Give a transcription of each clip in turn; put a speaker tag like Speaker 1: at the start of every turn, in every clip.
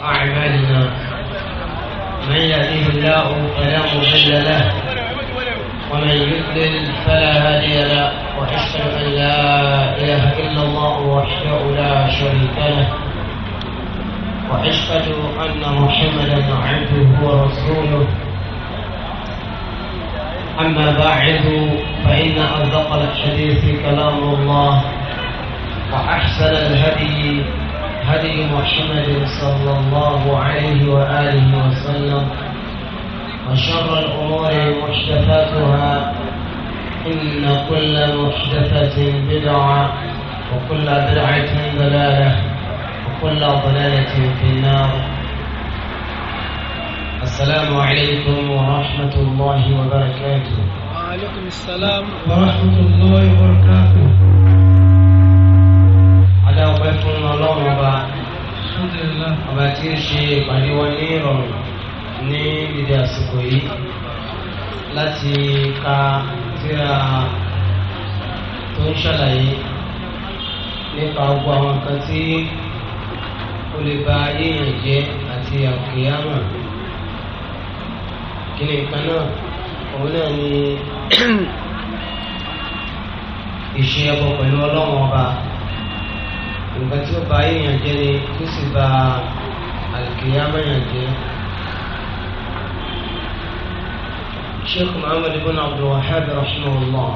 Speaker 1: أعمالنا من يهديه الله فلا مضل له ومن يضلل فلا هادي له وأشهد أن لا إله إلا الله وحده لا شريك له وأشهد
Speaker 2: أن محمدا عبده ورسوله أما بعد فإن أصدق الحديث كلام الله وأحسن الهدي هدي محمد صلى الله عليه وآله وسلم وشر الأمور محدثاتها إن كل محدثة بدعة وكل بدعة ضلالة وكل ضلالة في النار السلام عليكم ورحمة الله
Speaker 1: وبركاته وعليكم السلام ورحمة
Speaker 3: الله وبركاته
Speaker 2: adá ọpẹ́ fún ọlọ́run ọba ọba tí ó ṣe ìpàdé wọn ní ìrọ̀rùn ní dídí àsìkò yìí láti ka síra tó ń ṣàlàyé nípa gbogbo àwọn nǹkan tí ó lè ba yíyan jẹ́ àti àkèyàmà kí nǹkan náà òun náà ni ìṣe ẹbọ pẹ̀lú ọlọ́run ọba nǹkan tí ó ba èèyàn jẹ́ ni tó sì ba àlùkìyámẹ́yàn jẹ́. sheikh muhammad ibn abdulwahab rahimahullah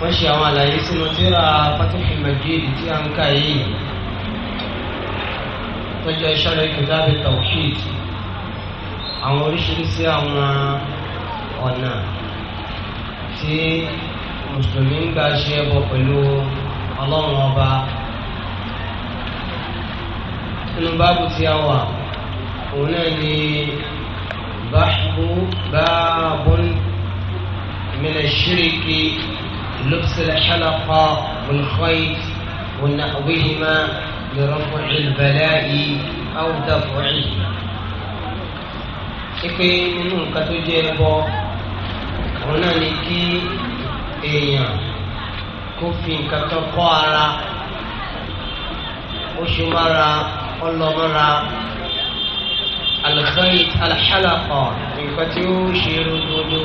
Speaker 2: wọ́n ṣe àwọn àlàyé sínú tíra fatih majid tí a ń kà yìí tọ́jú ìṣàlẹ̀ kìtàbí tawhid àwọn oríṣiríṣi àwọn ọ̀nà tí mùsùlùmí ń gbà ṣe ẹbọ pẹ̀lú ọlọ́run ọba nínú báàbù tí a wà òun náà ni báàbù báàbù mílẹ̀ ṣíríkì lóbsílẹ̀ xalàkọ́ bulkhoy wọnà wíhìmá lórúkọ ìlbẹ̀lẹ́ yìí áwùdá fúnì. ipe nínú nǹkan tó jẹ́ ẹbọ òun náà ni kí èèyàn tó fi nǹkan kan kọ́ ara ó ṣe mára ọlọ́mọ́ra alùpàyè alḥalakọ̀ nǹkan tí ó ṣe rúdúrú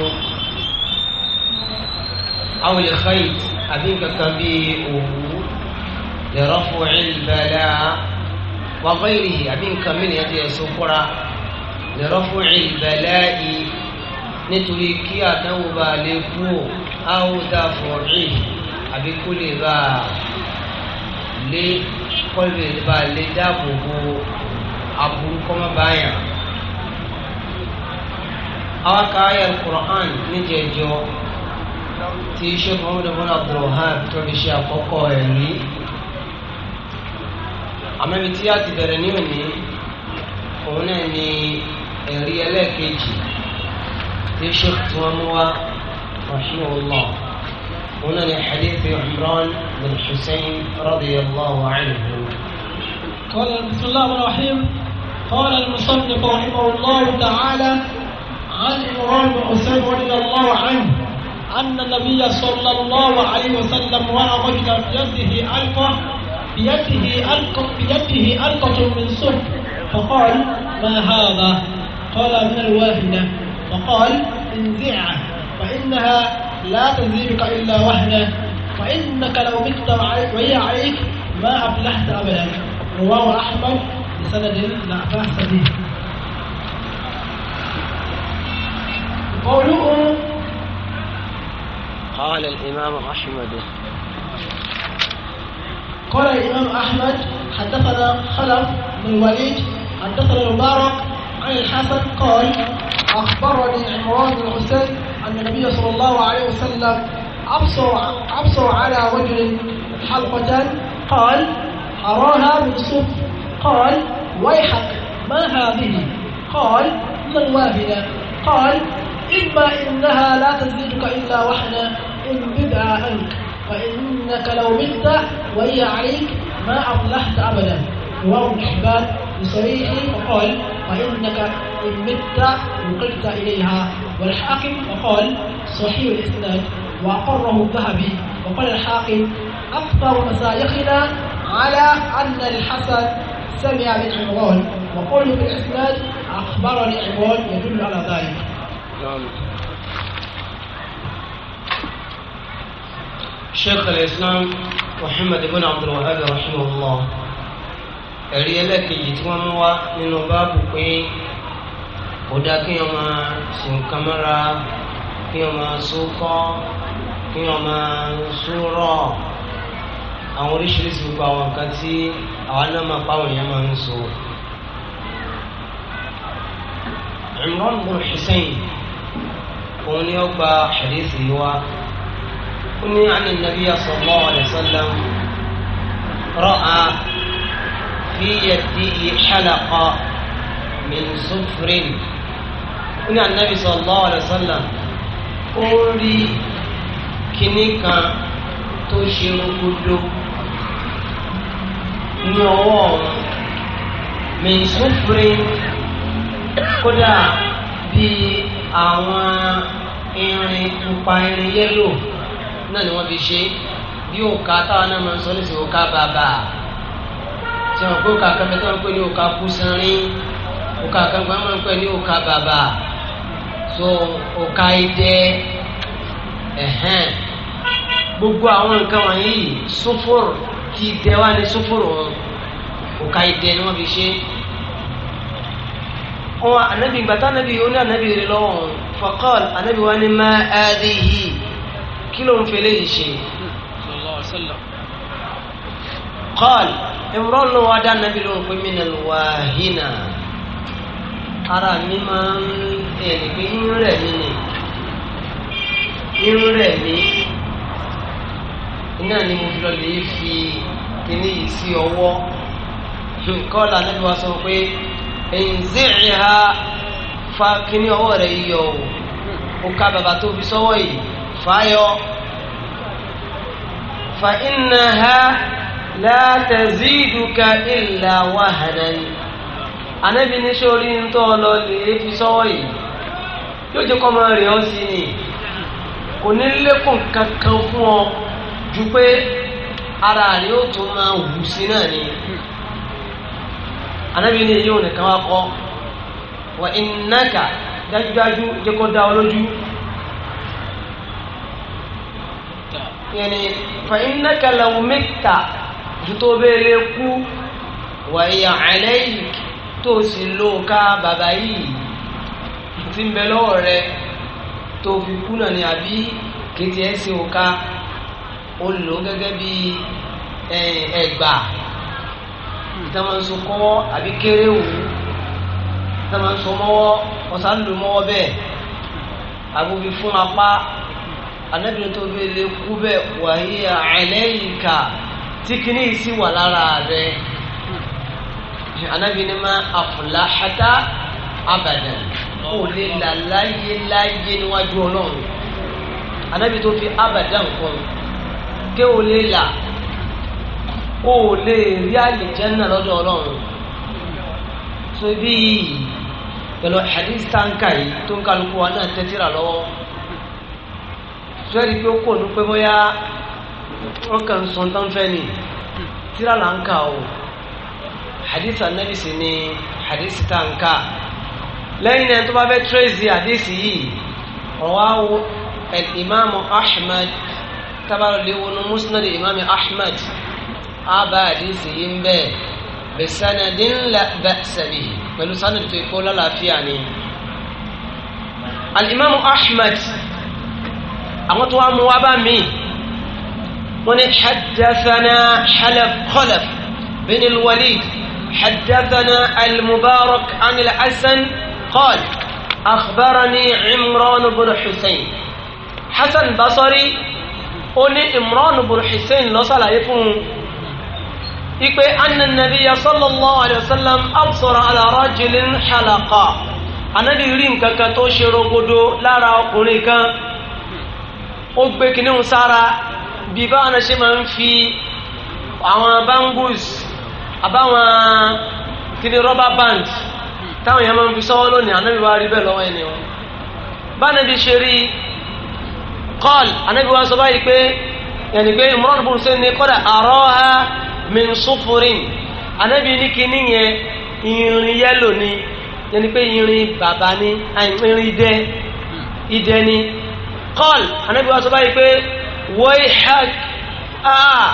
Speaker 2: àwọn ìlẹ̀kọ̀yè àbí nǹkan kan bíi òwú lẹ́rọ̀fọ̀ ìlbẹ̀lẹ́ wàgbọ́ ìrì àbí nǹkan mìíràn ti ẹ̀sùn kúra lẹ́rọ̀fọ̀ ìlbẹ̀lẹ́ yìí nítorí kí àtàwọn bá lè kú ó áwòdà fọ̀rí àbí kó lè bá a lé kó lè bá a lé dáàbò bo aburú kọ́mọ́ báyà. àwọn kan ayé alukur'an níjẹjọ tí sheikh muhammed bin abdulrahman tó fi ṣe àkọ́kọ́ ẹ̀ ní. àmọ́bi tí a ti bẹ̀rẹ̀ ní òní òun náà ni ẹ̀rí ẹlẹ́ẹ̀kejì tí sheikh tí wọ́n mú wá rahimahullah. هنا لحديث عمران بن حسين رضي الله عنه قال
Speaker 1: بسم الله الرحيم قال المصنف رحمه الله تعالى عن عمران بن حسين رضي الله عنه أن النبي صلى الله عليه وسلم رأى رجلا بيده ألقى بيده ألقى بيده ألقى من صبح فقال ما هذا؟ قال من الواهنة فقال انزعه فإنها لا تنزيبك إلا وحده فإنك لو مت وهي عليك ما أفلحت أبدا رواه أحمد بسند لا بأس به قوله
Speaker 2: قال الإمام أحمد
Speaker 1: قال الإمام أحمد حدثنا خلف بن الوليد حدثنا المبارك عن الحسن قال أخبرني عمران بن حسين أن النبي صلى الله عليه وسلم أبصر أبصر على رجل حلقة قال أراها من صف قال ويحك ما هذه قال من الوافدة قال إما إنها لا تزيدك إلا وحنا إن بدعا عنك فإنك لو مت وهي عليك ما أفلحت أبدا رواه ابن حبان بصريحه وقال فإنك إن مت وقلت إليها والحاكم وقال صحيح الإسناد وأقره الذهبي وقال الحاكم أكثر مسايخنا على أن الحسن سمع من وقوله في الإسناد أخبرني عمران يدل على ذلك. نعم.
Speaker 2: شيخ الإسلام محمد بن عبد الوهاب رحمه الله ẹ̀rí ẹlẹ́kejì tí باب mú kò dáa kí wọn máa ṣe nǹkan mọ́ra kí wọn máa sókọ́ kí wọn máa sórọ̀ àwọn oríṣiríṣi gbogbo àwọn nǹkan tí àwọn náà máa pàwọn èèyàn máa ń sọ. Imran bin Hussein òun ni ó gba hadithi yìí ó ní àná nàbíyà sallallahu alaihi wasallam ra'a fi yadihi halaqa min sufrin ní anabi sallallahu alaihi wasallam ó rí kinní kan tó ṣe rúgudo ní ọwọ́ ọ̀hún mẹ̀sùnfúnrin kódà bíi àwọn irin pupa irin yẹ́lò náà ni wọ́n fi ṣe bí òkà táwọn náà máa ń sọ nísìnyí òkà bàbà tí wọn kó òkà kẹfẹ tí wọn pè ní òkà kúsanrín òkà kẹfẹ máa ń pè ní òkà bàbà tó ọ̀kaidẹ ẹ̀hẹ́n gbogbo àwọn nǹkan wọ̀nyí sófòrò kí dẹ́wà ní sófòrò wọn ọ̀kaidẹ ni wọ́n fi ṣe wọn anabi gbàtà anabi ó ní anabi rẹ lọ́wọ́ wọn faqal anabi wa ni ma adhihi kí ló ń fẹlẹ́ yìí ṣe. qal imran ló dá anabi lóhùn pé min alwahina. ara mi máa ń ẹ̀rì pé irun rẹ̀ mi ni irun rẹ̀ mi iná ni mo fi lọ fi kíní ha fa kíní ọwọ́ rẹ̀ o ó ká bàbá tó fi sọ́wọ́ yìí fa anabi ní sórí ń tọ́ lọ lè e fi sọ́wọ́ yìí yóò jẹ́ kọ́ máa rẹ̀ ọ́ sí ni kò ní lékùn kankan fún ọ ju pé ara rẹ̀ ó tún máa wù ni anabi ní wá kọ́ wà ìnáka dájúdájú jẹ́ ọ lójú yẹni fa ìnáka làwọn mẹ́ta ju tó bẹ́ẹ̀ lé kú wà ìyá àlẹ́ tó o sì lo ká bàbá yìí tí ń bẹ lọ́wọ́ rẹ tó o fi kú náà ni àbí kejì ẹ̀ ṣe òka o lò gẹ́gẹ́ bí ẹgbà ìtàmọ̀sọ kọ́wọ́ àbí kéré òwú ìtàmọ̀sọ mọ́wọ́ ọ̀sán lò mọ́wọ́ bẹ́ẹ̀ àbúbi fún apá anábìrin tó fi lè kú bẹ́ẹ̀ wàhíyà ẹlẹ́yìnká tí kìíní sì wà lára rẹ̀ anabi ni ma afulahata abadan kò lè là láyé láyé níwájú ọlọ́run anabi tó fi abadan kún ke o lè là o lè rí àlìjẹ́nà lọ́dọ̀ ọlọ́run tó bí pẹ̀lú hadith tanka yìí tó ń kálukú wa náà tẹ́tíra lọ́wọ́ tó yẹ kí ó kò ní bóyá wọ́n kàn sọ̀tàn fẹ́ ni tíra là ń kà o hadith anabi sì ni hadith tanka lẹ́yìn náà tó bá fẹ́ tírèsì hadith yìí rawahu al-imam ahmed tábàrọ̀ léwọ́nù musnad imam ahmed àbá hadith yìí ń bẹ́ẹ̀ bi sanadin la ba'sa bihi pẹ̀lú sanad tó kó lálàáfíà ni al-imam ahmed àwọn tó wá mú wá bá mi wọ́n ní haddathana xalaf kọlaf bin al-walid. حدثنا المبارك عن الحسن قال أخبرني عمران بن حسين حسن بصري أني عمران بن حسين لصل يكون إكبي أن النبي صلى الله عليه وسلم أبصر على رجل حلقة أنا ديرين كاكاتوش روغدو لا راقونيكا أبكي نمسارا بيبانا شمان في àwọn bangus àbáwọn kiri rọ́bà band táwọn èèyàn máa ń fi sọ́wọ́ lónìí ànábì wa rí bẹ́ẹ̀ lọ́wọ́ ẹni wọn bánàbí ṣe rí kọ́ọ̀lù ànábì wa sọ báyìí pé yẹnni pé Imran bùn sí ni kọ́dà àrọ́ha min sufurin ànábì ní kíní yẹn irin yẹ́lò ni yẹnni pé irin bàbá ni irin idẹ idẹ ni kọ́ọ̀lù ànábì sọ báyìí pé wọ́n ìhàk áà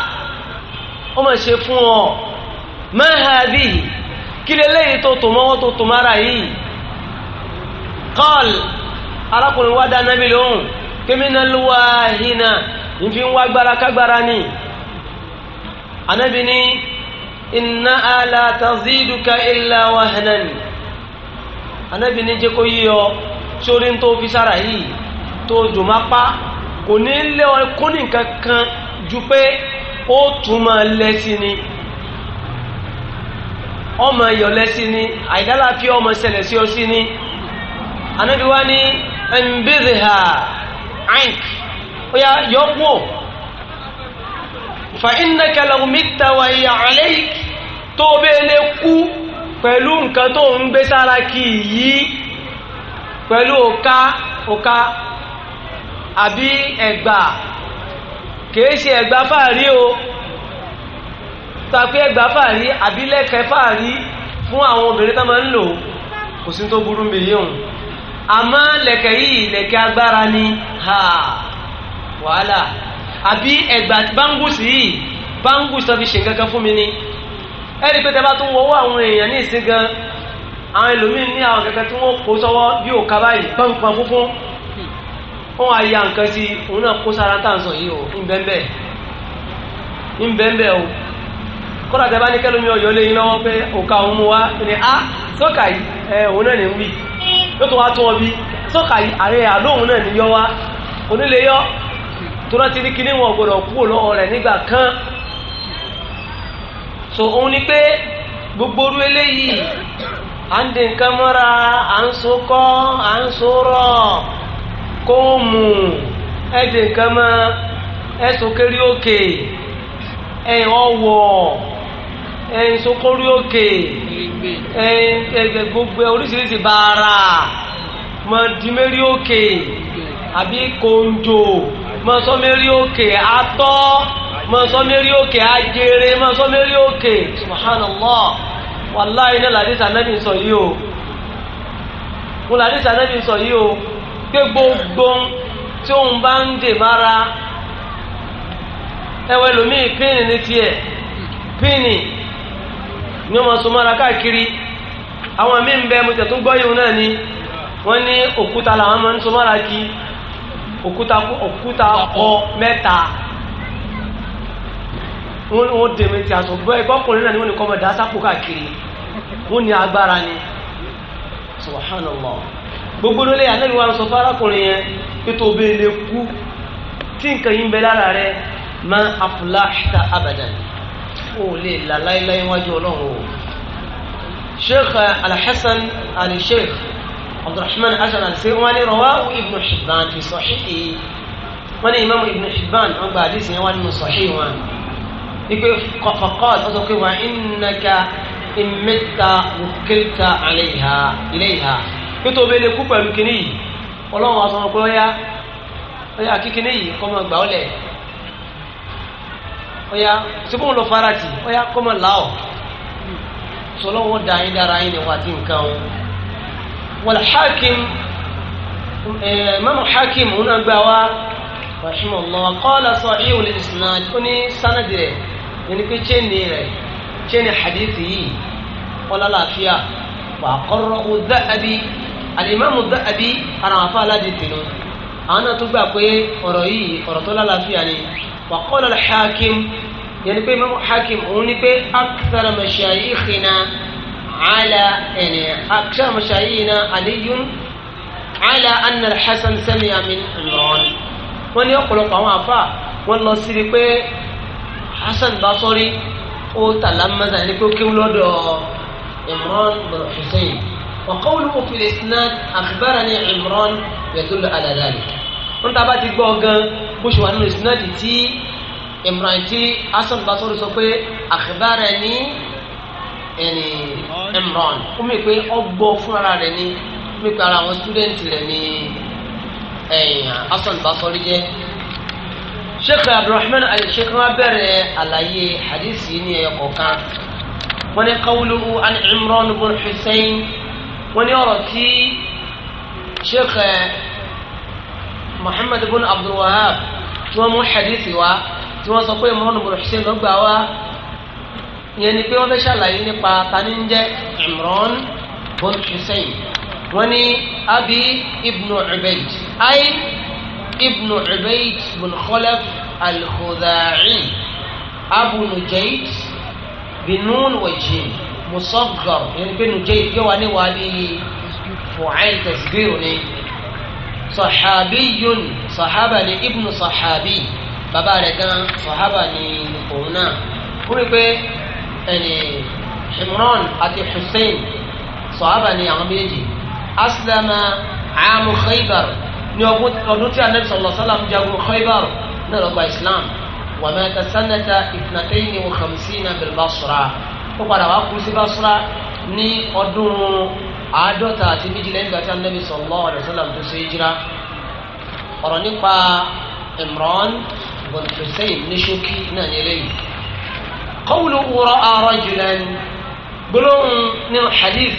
Speaker 2: ó fún ọ ma hadhihi kí lélẹ́yìn tó tó mọ́wọ́ tó tó mára yìí qal arákùnrin wá dáná bí lóhùn kémínà lúwa hìnà nfi wá gbára kágbára ni anábì ní inna ala taziduka illa wahnan anábì ní jẹ́ kó yí ọ sórí tó fi sára yìí tó jùmọ́ pa kò ní lé ọ kó ní kan ju pé ó tún máa ni. ọmọ yọlẹ sí ni àìdálàfíà ọmọ ṣẹlẹ̀ sí ọ sí ni anabi ni ẹnbẹ́dẹ̀hà àìk ó yà fa innaka law wa hiya alayk tó bẹ́ẹ̀ lè kú pẹ̀lú nǹkan tó ń gbé sára o. tàbí ẹgbà fàárí àbílẹ̀kẹ́ fàárí fún àwọn obìnrin tó máa ń lò kò sí tó burú mílíọ̀n àmọ́ lẹ̀kẹ̀ yìí lẹ̀kẹ̀ agbára ni ha wàhálà àbí ẹgbà báńgùsì yìí báńgùsì tó fi ṣe kankan fún mi ni ẹni pé tẹ bá tún wọ́wọ́ àwọn èèyàn ní ìsìn gan àwọn ẹlòmíín ní àwọn kankan tí wọ́n kó sọ́wọ́ bí òkà báyìí pọ́npọ́n fúnfún wọ́n á nǹkan sí òun náà kó sára táǹsán yìí o ń bẹ́ẹ̀ ń bẹ́ẹ̀ o kọ́lá tẹ bá ní kẹ́lómi ọ̀yọ́ lé pé wa ní a ah, sọ́kà yìí ẹ òun náà ní wí yóò tó wá tún ọ bí sọ́kà yìí ààrẹ àlóhùn náà ni yọ wá onílé tó rántí ní kí níwọ̀n kúrò kan so òun gbogbo orú eléyìí à ń nǹkan mọ́ra à ń so kọ́ à ń so rọ̀ kó ẹ ẹyin sokori oke ẹyin gbogbo oríṣiríṣi bàrà mọ̀dìmẹ́rì oke àbí kòńjò mọ̀sọ́mẹ́rì òkè atọ́ oke òkè ajere mọ̀sọ́mẹ́rì òkè subhanallah wàláyé náà làdísà náà ní sọ yìí o mo làdísà náà ní sọ yìí o pé gbogbo tí òun bá ń dè mára ẹwẹ́ lómi ìpínì ní tiẹ̀ pínì. ni wọ́n máa so mọ́ra káàkiri àwọn míì ń bẹ mo tẹ̀tún gbọ́ yòó náà ni wọ́n ní òkúta làwọn máa ń so mọ́ra kí òkúta òkúta kọ mẹ́ta wọ́n dèmí ti àṣọ bọ́ ẹ̀kọ́ ọkùnrin náà ni wọ́n ní kọ́mọ̀dá sápò káàkiri wọ́n ní agbára ni subhanallah gbogbo ló lé anábì wa sọ fárákùnrin yẹn pé tó bẹ́ẹ̀ lè kú tí nǹkan yìí bẹ lára rẹ máa afúláṣítà abadan kò lè là láéláé wájú ọlọ́run o sheikh alhassan ali sheikh abdulrahman hasan ali sheikh wọn ni rawahu ibn hibban fi sahihi wọn ni imam ibn hibban wọn gba àdìsí yẹn wọn nínú sahihi wọn ipe faqad ọsọ pé wa innaka imita wukilta alayha ilayha pé tó bẹ́ẹ̀ lè kú pẹ̀lú kínní yìí wa sọ pé ó yá ó yá kí gbà ó ọ̀yá ṣùgbọ́n wọn lọ fara tì ọ̀yá kọ́mọ làwọ̀ sọlọ́wọ́ da yín dára yín nípa ti nǹkan o wọ́n hakim mọ́mọ́ hakim òun náà gbà wá wàhímọ̀ lọ kọ́lá sọ ìyẹ̀wò lè sùn náà ó ní sánàdì rẹ̀ ẹni pé chéènì rẹ̀ chéènì hadithi yìí wọ́n lálàáfíà wà kọ́rọ́ o dáàbí alimami dáàbí ara wọn fà aládìtì nù àwọn náà tó gbà pé ọ̀rọ̀ yìí ọ̀rọ̀ tó lálàáfíà ni. وقال الحاكم يعني بي مامو حاكم هوني بي أكثر مشايخنا على يعني أكثر مشايخنا علي على أن الحسن سمع من عمران wọ́n ní ọ̀pọ̀lọpọ̀ àwọn àfà wọ́n lọ síbi pé Hasan Basori ó tàlámẹ́sà ní pé ó kéwú lọ́dọ̀ Imran bin Hussein wa qawluhu fil isnad akhbarani Imran yadullu ala dhalika wọn tá a bá ti gbọ́ gan bó ṣe wà nínú ìsinádì tí Imran tí hasan basori sọ pé àkàbára ẹni ẹni Imran ó mì pé ọgbọ́ fúnra rẹ̀ ni ó mì pé ara àwọn sítúdẹ̀ǹtì rẹ̀ ni hasan basori jẹ́ sheikh abdulrahman al-sheikh wa bẹ̀rẹ̀ àlàyé hadith yìí ẹ̀yọ kọ̀ọ̀kan wọ́n ní qawluhu an Imran bin Hussein wọ́n ní ọ̀rọ̀ tí sheikh muhammad ibn abdul wahab tí wọ́n mú hadithi wá tí wọ́n sọ pé imran ibn hussein ló gbà wá ìyẹn ni pé wọ́n fẹ́ ṣàlàyé nípa tani ń jẹ́ imran ibn hussein wọ́n ní abi ibn ubayd ay ibn ubayd ibn khalaf al abu nujayd binun wajhin musaghar ìyẹn ni pé nujayd yóò wá ní wàá ní fòáì ni sọ̀hábíyún sọ̀hábà ní ibnu sọ̀hábí bàbá rẹ̀ gan sọ̀hábà ní òun náà ó rí pé ẹni Imran àti Hussein sọ̀hábà ní àwọn méjì aslama amu Khaybar ní ọdún tí anabi sọ̀lọ̀ sálàm jagun Khaybar náà lọ́gbà Islam wa mata sanata ithnatayni wa khamsina ó padà wá kú sí Basra ní ọdún àádọ́ta àti méjì lẹ́yìn ìgbà tí anabi sallallahu alaihi wasallam tó ṣe hijira ọ̀rọ̀ nípa Imran bin Hussein ní ṣókí náà ní eléyìí qawlu ra'a rajulan gbólóhùn nínú hadith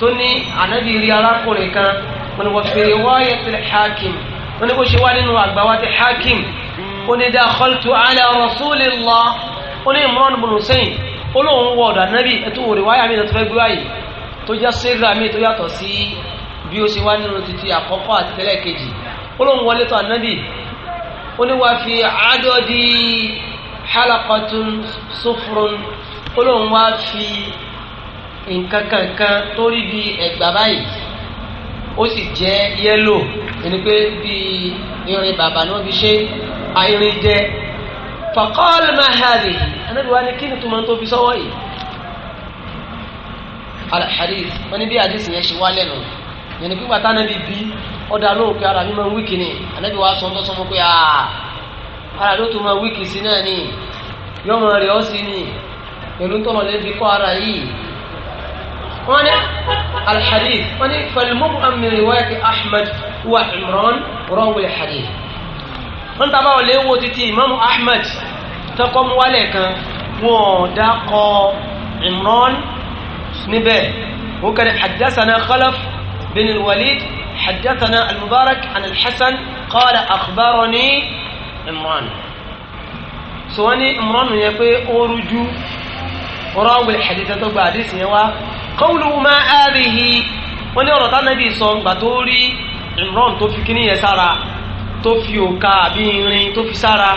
Speaker 2: tó ní anabi rí arákùnrin kan wọn ni wọ́n fi riwayat al-Hakim wọn ni kò ṣe wá nínú àgbáwá ti Hakim wọn ni dakhaltu ala rasulillah wọn ni Imran bin olóhùn wọ̀ọ̀dọ̀ tó jẹ́ sígá mi tó yàtọ̀ sí bí ó ṣe wá nínú títí àkọ́kọ́ àti tẹ́lẹ̀ kejì ó lóun wọlé tó ànábì ó ní wá fi àádọ́dí halakọtun sufurun ó lóun wá fi nǹkan kankan tó rí bí ẹ̀gbà báyìí ó sì jẹ́ yẹ́lò ẹni pé bí irin bàbá ni fi ṣe irin jẹ́ faqal ma hadhihi ànábì wá ní kí ni tó máa ń tó fi sọ́wọ́ yìí alhadith wọ́n ní bí hadith yẹn ṣe wá lẹ́nu yẹn ni pípa tánàbí bí ọ̀dà lóhùn pé ara mi máa ń wíkì ni ànábì wa sọ ń tọ́sọ́ mọ́ pé ara ló tún máa wíkì sí náà ni yọmọ rẹ̀ ọ́ sí ni pẹ̀lú tọ́lọ̀ lẹ́bi kọ́ ara yìí wọ́n ní alhadith wọ́n ní fal-mubham min ahmed wa imran rawul hadith wọ́n tàbá wọ́n lè wo títí imamu ahmed tọkọ́ kan wọ́n dákọ̀ imran níbẹ̀ ó kẹ́rẹ́ haddathana khalaf bin walid haddathana al-mubarak an al-hasan qala akhbarani imran so wọ́n ní imran yẹ pé ó rújú rọ́wìl haditha tó gba àdísì yẹn wá qawluhu ma hadhihi wọ́n ní ọ̀rọ̀ tánàbí sọ gbà tó rí imran tó fi kíní yẹn sára tó fi òka àbí irin tó fi sára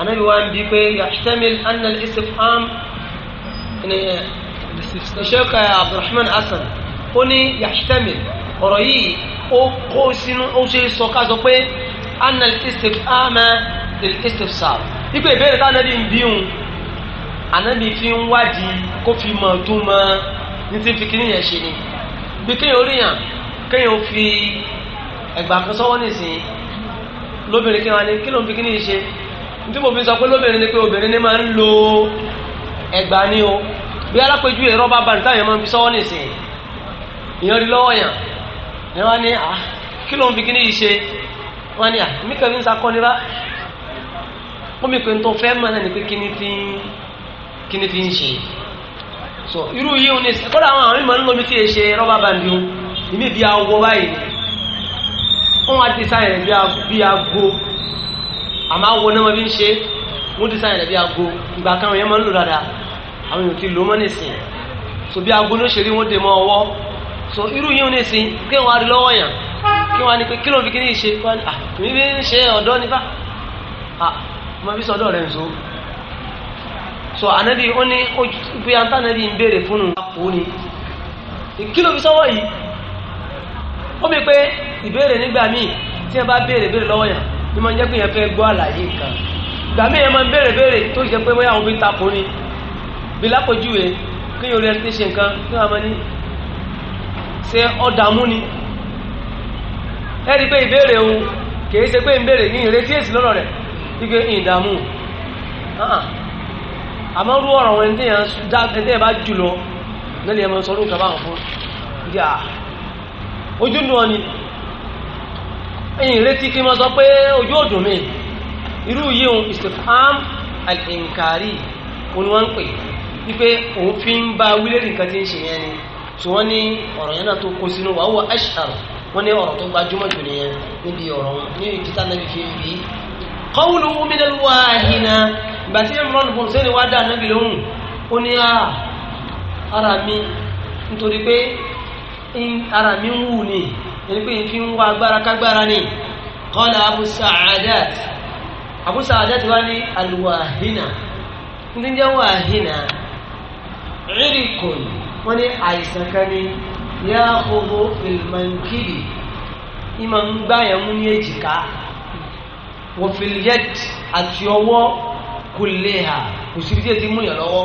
Speaker 2: anábì ń bi pé yahtamil anna al sheikh abdulrahman hasan ó ní yahitami ọ̀rọ̀ yìí ó kó sínú ó ṣe sọ ká sọ pé anal istif ama lil istif sar ipe ìbéèrè tá anabi ń bí òun anabi fi ń wádìí kó fi mọ̀ tó mọ̀ ní ti fi kíní yẹn ṣe ni bí kéèyàn orí yàn kéèyàn fi ẹgbà kan sọ́wọ́ nìsín lóbìnrin kí wọn ni kí ló ń fi kíní yìí ṣe nítorí mo fi sọ pé lóbìnrin ni pé obìnrin ni máa ń lo ẹgbà ni o bí alápẹ̀jù rẹ̀ rọ́bà bá nìtàn yẹn máa ń fi sọ́wọ́ nìsín ìyẹn rí lọ́wọ́ yàn ni wọ́n ní à ah, kí ló ń fi kíní yìí ṣe wọ́n ní à mí kẹ́mi ń sakọ́nira wọ́n mi pé ń tọ́ fẹ́ mọ́ náà ni pé kíní fi kíní fi ń ṣe so irú yìí ò ní kọ́dà àwọn àwọn ìmọ̀ ń lómi tí èṣe rọ́bà bá ń dùn ìmí bí awọ báyìí wọ́n á dísáyìn rẹ̀ bí ago àmọ́ awọ náà wọ́n ń ṣe wọ́n dísáyìn rẹ̀ bí ago ìgbà kan yẹn máa ń lò dáadáa àwọn èèyàn ti lò mọ́ nísìn so bí agolo ṣe rí wọ́n dè mọ́ ọwọ́ so irú yìí nísìn kí wọ́n á rí lọ́wọ́ yàn kí wọ́n á ní pé kí ló fi kí ní ṣe wọ́n á ní bí ah, ń ṣe ọ̀dọ́ nípa ah, ma fi sọ́dọ̀ rẹ̀ nso so anabi ó ní bóyá tá anabi ń béèrè fún un kò ní kí ló fi sọ́wọ́ yìí ó mi pé ìbéèrè nígbà míì tí wọ́n bá béèrè béèrè lọ́wọ́ yàn ni máa ń jẹ́ pé yẹn fẹ́ gbọ́ àlàyé nǹkan ìgbà míì yẹn máa ń béèrè béèrè tó jẹ́ pé bóyá òun fi takò ní bí lápòjúwe kéèyàn orí ẹni tí ń ṣe nǹkan kí wọ́n máa ní ṣe ọ̀dààmú ni ẹ rí i pé ìbéèrè òun kì í ṣe pé ìbéèrè ní ìrètí èsì lọ́rọ̀ rẹ̀ wípé ìdààmú àmọ́ rú ọ̀rọ̀ wọn tí ẹ̀ bá jù lọ nílẹ̀ ẹ̀mọ́ sọ lóòkà báwọn fún ìdí à ah, ojú nù ọ ni ẹ̀yìn ìrètí kí wọ́n sọ pé ojú òdùn mi irú yíhun istifham al-inkari òun ni wọ́n pè é wípé òfin ń bá wílé nǹkan tí ń ṣe yẹn ni tí wọ́n ní ọ̀rọ̀ yẹn náà tó kó sínú wàá wọ ashar wọ́n ní ọ̀rọ̀ tó gbajúmọ̀ jù nìyẹn níbi ọ̀rọ̀ ní ìkítà náà fi ń bí. kọ́wùlù min al-wahina ìgbà tí imran bùn sẹ́ni wá dá nábì lóhùn ó ah, ara mi nítorí pé ara mi ń wù ẹni pé fi ń wá agbára kágbára ni qala abu sa'adat abu sa'adat wá ní ìrìkùn wọ́n ní àìsàn kan ní yá owó ìlmọ̀nkìlì ìmọ̀ ń gbáyàn mú ní èjìká wọ́fìlìyẹ́t àti ọwọ́ kò lè hà kò síbi tí èsì e múyàn lọ́wọ́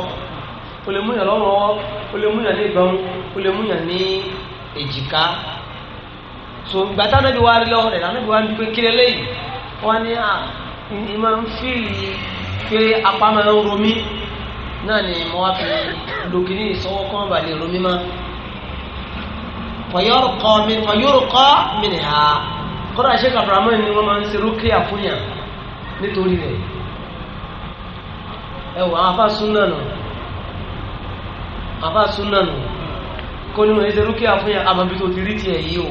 Speaker 2: o lè múyàn lọ́wọ́ o lè múyàn ní ìgbọ̀n o lè múyàn ní èjìká so ìgbà táwọn ẹbí wa rí lọ́wọ́ rẹ̀ láwọn ẹbí wa ń pé kí lélẹ́yìn wọ́n ní ìmọ̀ ń fìlì pé apá máa ń romí náà ni mo wá fi lògìrì ìsọwọ́ kọ́ wọn balẹ̀ ro mímọ́ wàyọ̀rùkọ́ mi ni ha kọ́dà ṣe kàfàràmọ́ ni wọ́n máa ń ṣe rúkìá fún yàn nítorí rẹ̀ ẹ wọ àwọn afá súnà nù afá súnà nù kó ní wọ́n ṣe rúkìá fún yàn àmọ́bí tó ti rí tiẹ̀ yìí o.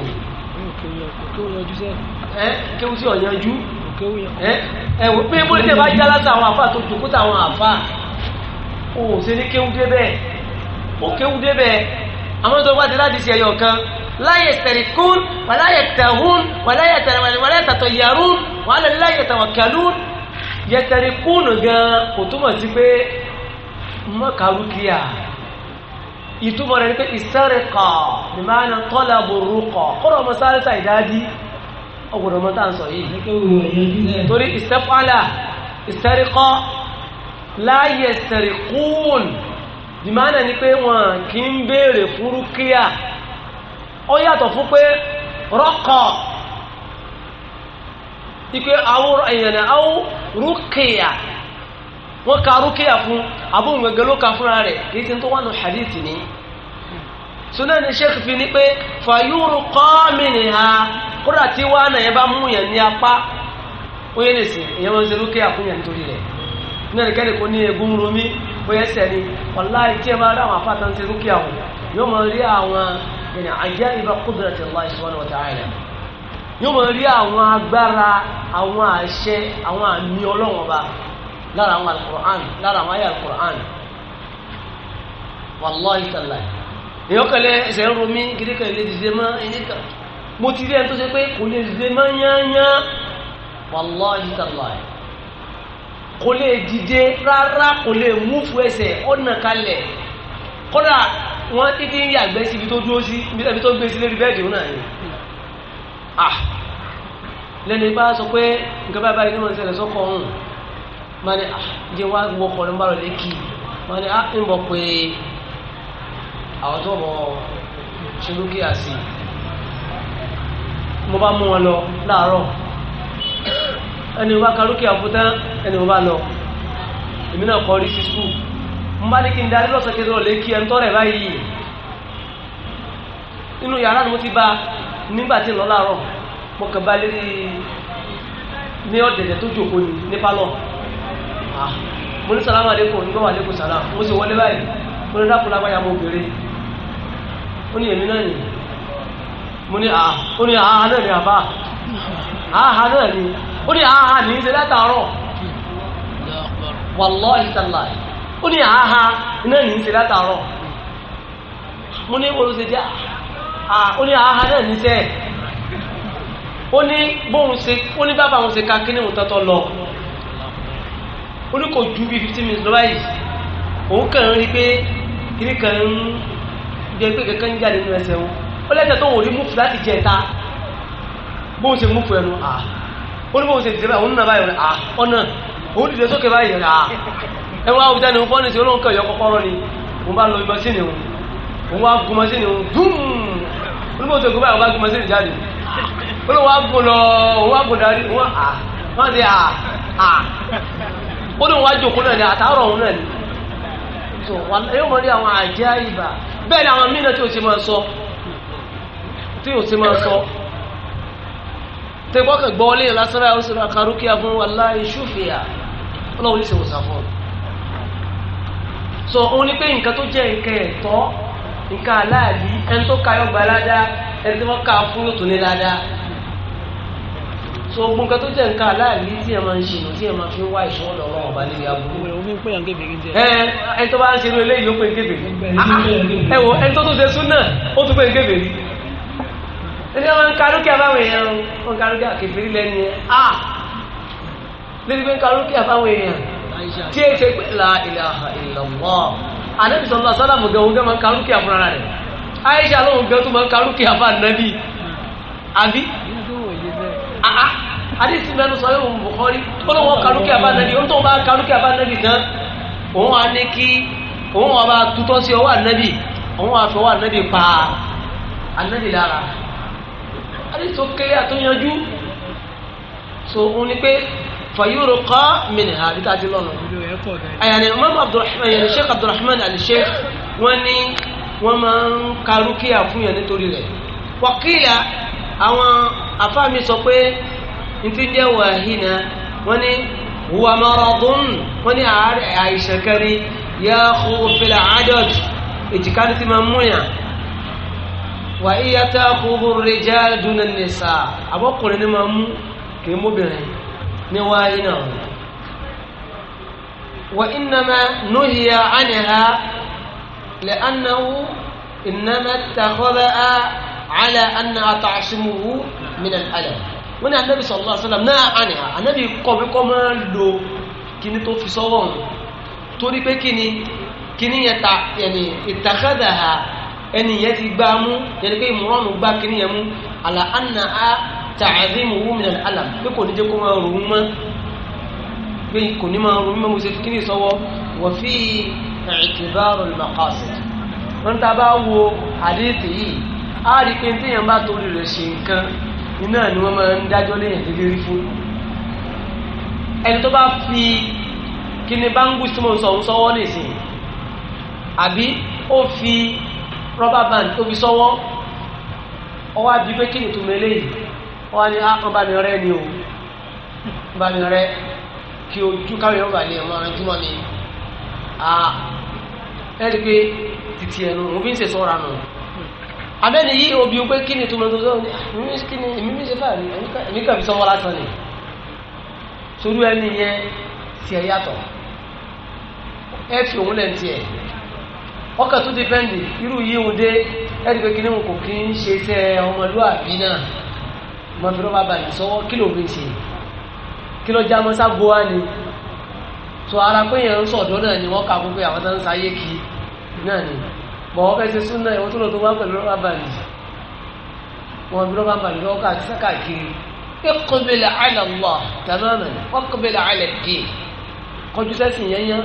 Speaker 2: ẹ kéwù sí ọ̀yanjú
Speaker 1: ẹ wò pé bó ṣe bá yára
Speaker 2: sí àwọn afá tó jòkó táwọn afá o ò ṣe ní kéwú débẹ̀ ó kéwú débẹ̀ àwọn ìjọba wá di láti ṣe ẹyọ kan láyé sẹ̀ríkún wàláyé tẹ̀hún wàláyé tẹ̀rẹ̀mẹ̀rẹ̀ wàláyé tàtọ̀ yàrún wàhálà láyé tàwọn kẹlún yẹtẹ̀ríkún gan kò túmọ̀ sí pé mọ́kàrúkìá ìtumọ̀ rẹ̀ ní pé ìsẹ́rẹ̀kọ̀ ní máa ń tọ́lá burúkọ̀ kọ́rọ̀ ọmọ sáré sa ọgbọ̀dọ̀ mọ́ta ń sọ yìí torí ìsẹ́fàlà ìsẹ́rẹ̀kọ̀ la yasriqun dìmánà ni pé wọn kì í béèrè fún rúkìá ó yàtọ̀ fún pé rọ́kọ̀ ike àwọn èèyàn àwọn rúkìá wọ́n ka rúkìá fún abúrú gẹ́gẹ́ ló ka fúnra rẹ̀ kì í ṣe tó wà hadith ni sunan ni sheikh fi ni pé fayúrù kọ́mìnì ha kódà tí wàá nà bá mú ní apá ó yẹ lè sìn ìyẹn fún yẹn nítorí rẹ̀ náà nìkan nìkan ní egun rún mi bóyá ẹsẹ̀ ni wàláhì tí ẹ bá dáhùn àfáàtà ń ṣe rúkìá wọn yóò máa rí àwọn yẹn àyà ìbá qudrati Allah subhanahu wa ta'ala yóò máa rí àwọn agbára àwọn àṣẹ àwọn àmì Ọlọ́run ọba lára àwọn alukur'an lára àwọn ayé alukur'an wàláhì tàlà èèyàn kẹlẹ ẹsẹ̀ ń rún mi kíríkà mọ́ ẹni kan mo ti rí ẹni tó ṣe pé kò lè dìde mọ́ yányá wàláhì tàlà kò lè dìde rárá kò lè múfù ẹsẹ̀ ọ̀nà kalẹ̀ kódà wọ́n títí ń yàgbẹ́ sí ibi tó dúró sí ibi tó gbé sí lérí bẹ́ẹ̀dì òun náà ni ah lẹ́nu ibà sọ pé nǹkan bá báyìí ní wọ́n ń ṣẹlẹ̀ sọ́kọ̀ ọ̀hún máa ní ah jẹ́ wá wọkọ̀ ní bá rọ̀ lẹ́kì máa ní ah ń bọ̀ pé àwọn tó bọ̀ ṣerú kí àsì mo bá mú wọn lọ láàárọ̀ ẹni wá karókè àbútán ẹni wọ́n bá lọ èmi náà kọ́ rí sí skul ní kí n darí lọ́sọ̀ kí n lè kí ẹn tọ́rẹ̀ báyìí inú yàrá ni mo ti bá nígbà tí ń lọ mo kàn bá lérí ní ọ̀dẹ̀dẹ̀ tó ni ní ah, mo ní sàlámù àlékò nígbà wà lékò sàlámù mo sì wọlé báyìí mo ní lágbáyà mo bèrè ó ní èmi náà nì mo ní ah, ah, ó ní aha ní ṣe látàárọ̀ wallahi tallahi ó ní àhà iná ní ṣe látàárọ̀ mo ní wọ́n ṣe jẹ́ ó ní àhà náà ní ṣe ó ní bóun ṣe ó ní ka kíní òun tọ́tọ́ lọ ó ní kò ju bíi fifteen minutes lọ́wọ́ yìí òun kàn ń rí pé kíní kan ń jẹ ta oníbò ṣe dìde báyìí ọ̀nà báyìí ọ̀nà òun dìde sókè báyìí rà ẹwọ́n àwùjá ni fọ́nì sí olóhùn kẹyọ kọ́kọ́rọ́ ni òun bá lọ ibi mọ́sí ni òun òun wá gun mọ́sí ni òun dùn oníbò ṣe gun báyìí òun bá gun mọ́sí ni jáde olóhùn wá gun lọ òun wá gun darí òun à ah, wọ́n ti à
Speaker 3: à olóhùn wá jòkó náà ni
Speaker 2: àtàrọ̀ òun náà ni so yóò mọ̀ rí àwọn àjẹ́ àyíbá bẹ́ẹ̀ ni àwọn mí tó ẹgbọ́ kan gbọ́ ọlẹ́yìn lásán rẹ̀ ọ̀sẹ̀ rẹ̀ karókíà fún aláì ṣùfìyà ọlọ́run ní ìṣèwòsàn fún un. so òun ni pé nǹkan tó jẹ́ nǹkan ẹ̀tọ́ nǹkan aláàbí ẹni tó ka yọ gba ládàá ẹni tí wọ́n ka fún yóò tó ní ládàá. so gbogbo nǹkan tó jẹ́ nǹkan aláàbí tí ẹ máa ń ṣe tí ẹ máa fi wá ìṣọ́ lọ́wọ́ ọba níbi aburú. ẹni tó bá ń ṣe ẹni wọn ń ka dúkìá fáwọn èèyàn o wọn ń ka dúkìá kẹfìrí lẹ́nu yẹn a lórí pé ń ka dúkìá fáwọn èèyàn tí e ṣe pé la ilaha illallah anabi sọlá sálàmù gan oúnjẹ máa ń ka dúkìá fúnra rẹ̀ Aisha lóhùn gan tó máa ń ka dúkìá fáwọn nàbí àbí àá àdìsí mẹ́nu sọ yóò Bukhari ó ló wọn ka dúkìá fáwọn nàbí ó tó wọn bá ka dúkìá fáwọn nàbí gan òun á ní kí òun á bá tutọ́ sí ọwọ́ ànábì òun á fọwọ́ ànábì pa ànábì lára ètò kéré àtúnyanjú so òun ni pé fayúrò kọ́ mìnìhà bí tá a ti lọ́nà. àyànní mọ́mọ́ abdulrahman yẹn sheikh abdulrahman ali sheikh wọ́n ní wọ́n máa ń ka rúkìá fún yẹn nítorí rẹ̀ wọ́kìlá àwọn afáàmì sọ pé ntí jẹ́ wàhínà wọ́n ní huwa maradun wọ́n ní àìsàn kẹrin yẹ kó fìlà àádọ́t èjìká ti máa mú yàn wà íyá tá a kó bó rẹjá dúnà ní sá àbọ̀kùnrin ni máa mú kì í móbìnrin ní wáyé náà wà ìnàmà nóhìyà ánìhà lè ánáwó ìnàmà tàkọ́lá á àlà àná àtàṣìmùwú mìíràn àlà wọ́n ní anábì sallallahu alaihi wasallam ẹni yẹn ti gbá mú yẹni pé ìmúránù gbá kiri yẹn mú àlà àna á tààrímù wúmi náà àlà pé kò ní jẹ́ kó máa rùn mọ́ pé kò ní máa rùn mọ́ mo ṣe fi kiri sọ́wọ́ wọ́n fi ìtìbárò lùmọ̀kọ́sì wọ́n ta bá wo àdéhìtì yìí á rí pé tí yẹn bá torí rẹ̀ ṣe nǹkan iná ni wọ́n máa ń dájọ́ lé yẹn rí fún ẹni tó bá fi kíni bá ń gúsùmọ̀ sọ̀hún sọ́wọ́ nìsín àbí ó fi rọ́bà band tó fi sọ́wọ́ ọwọ́ àbí pé kí ni tó mẹ́lẹ́ yìí ọwọ́ ni àwọn bá mi rẹ́ ni o bá mi rẹ́ kí ojú káwé rọ́bà ni ọmọ rẹ túmọ̀ mi ẹ rí i pé títí ẹnu òun fi ń ṣe sọ́ra nù abẹ́ni yí obi pé kí ni tó mẹ́lẹ́ tó sọ́wọ́ ah, èmi mi ṣe fáà èmi kàn fi sọ́wọ́ lásán ni sórí ẹni yẹn tiẹ̀ yàtọ̀ ẹ fi òun lẹ́ntì ẹ̀ ọkà tó dìpẹ́ndì irú yìí ń dé ẹ̀rí pé kíní kò kí ń ṣe iṣẹ́ ọmọlúwàbí náà mo fi rọ́bà bàlẹ̀ sọ́wọ́ kí ló fi ṣe kí ló já mọ́sá gbówá ni tó ara pé yẹn ń sọ̀dọ́ náà ni wọ́n kà gbogbo àwọn tó ń sáyé kí náà ni bọ̀ wọ́n fẹ́ ṣe súnà ìwọ́n tó lọ tó wá pẹ̀lú rọ́bà bàlẹ̀ wọ́n fi rọ́bà lọ́kà àti sákàkiri iqbil ala Allah tamaman waqbil ala ad-din kọjú sẹ́sìn yẹn yẹn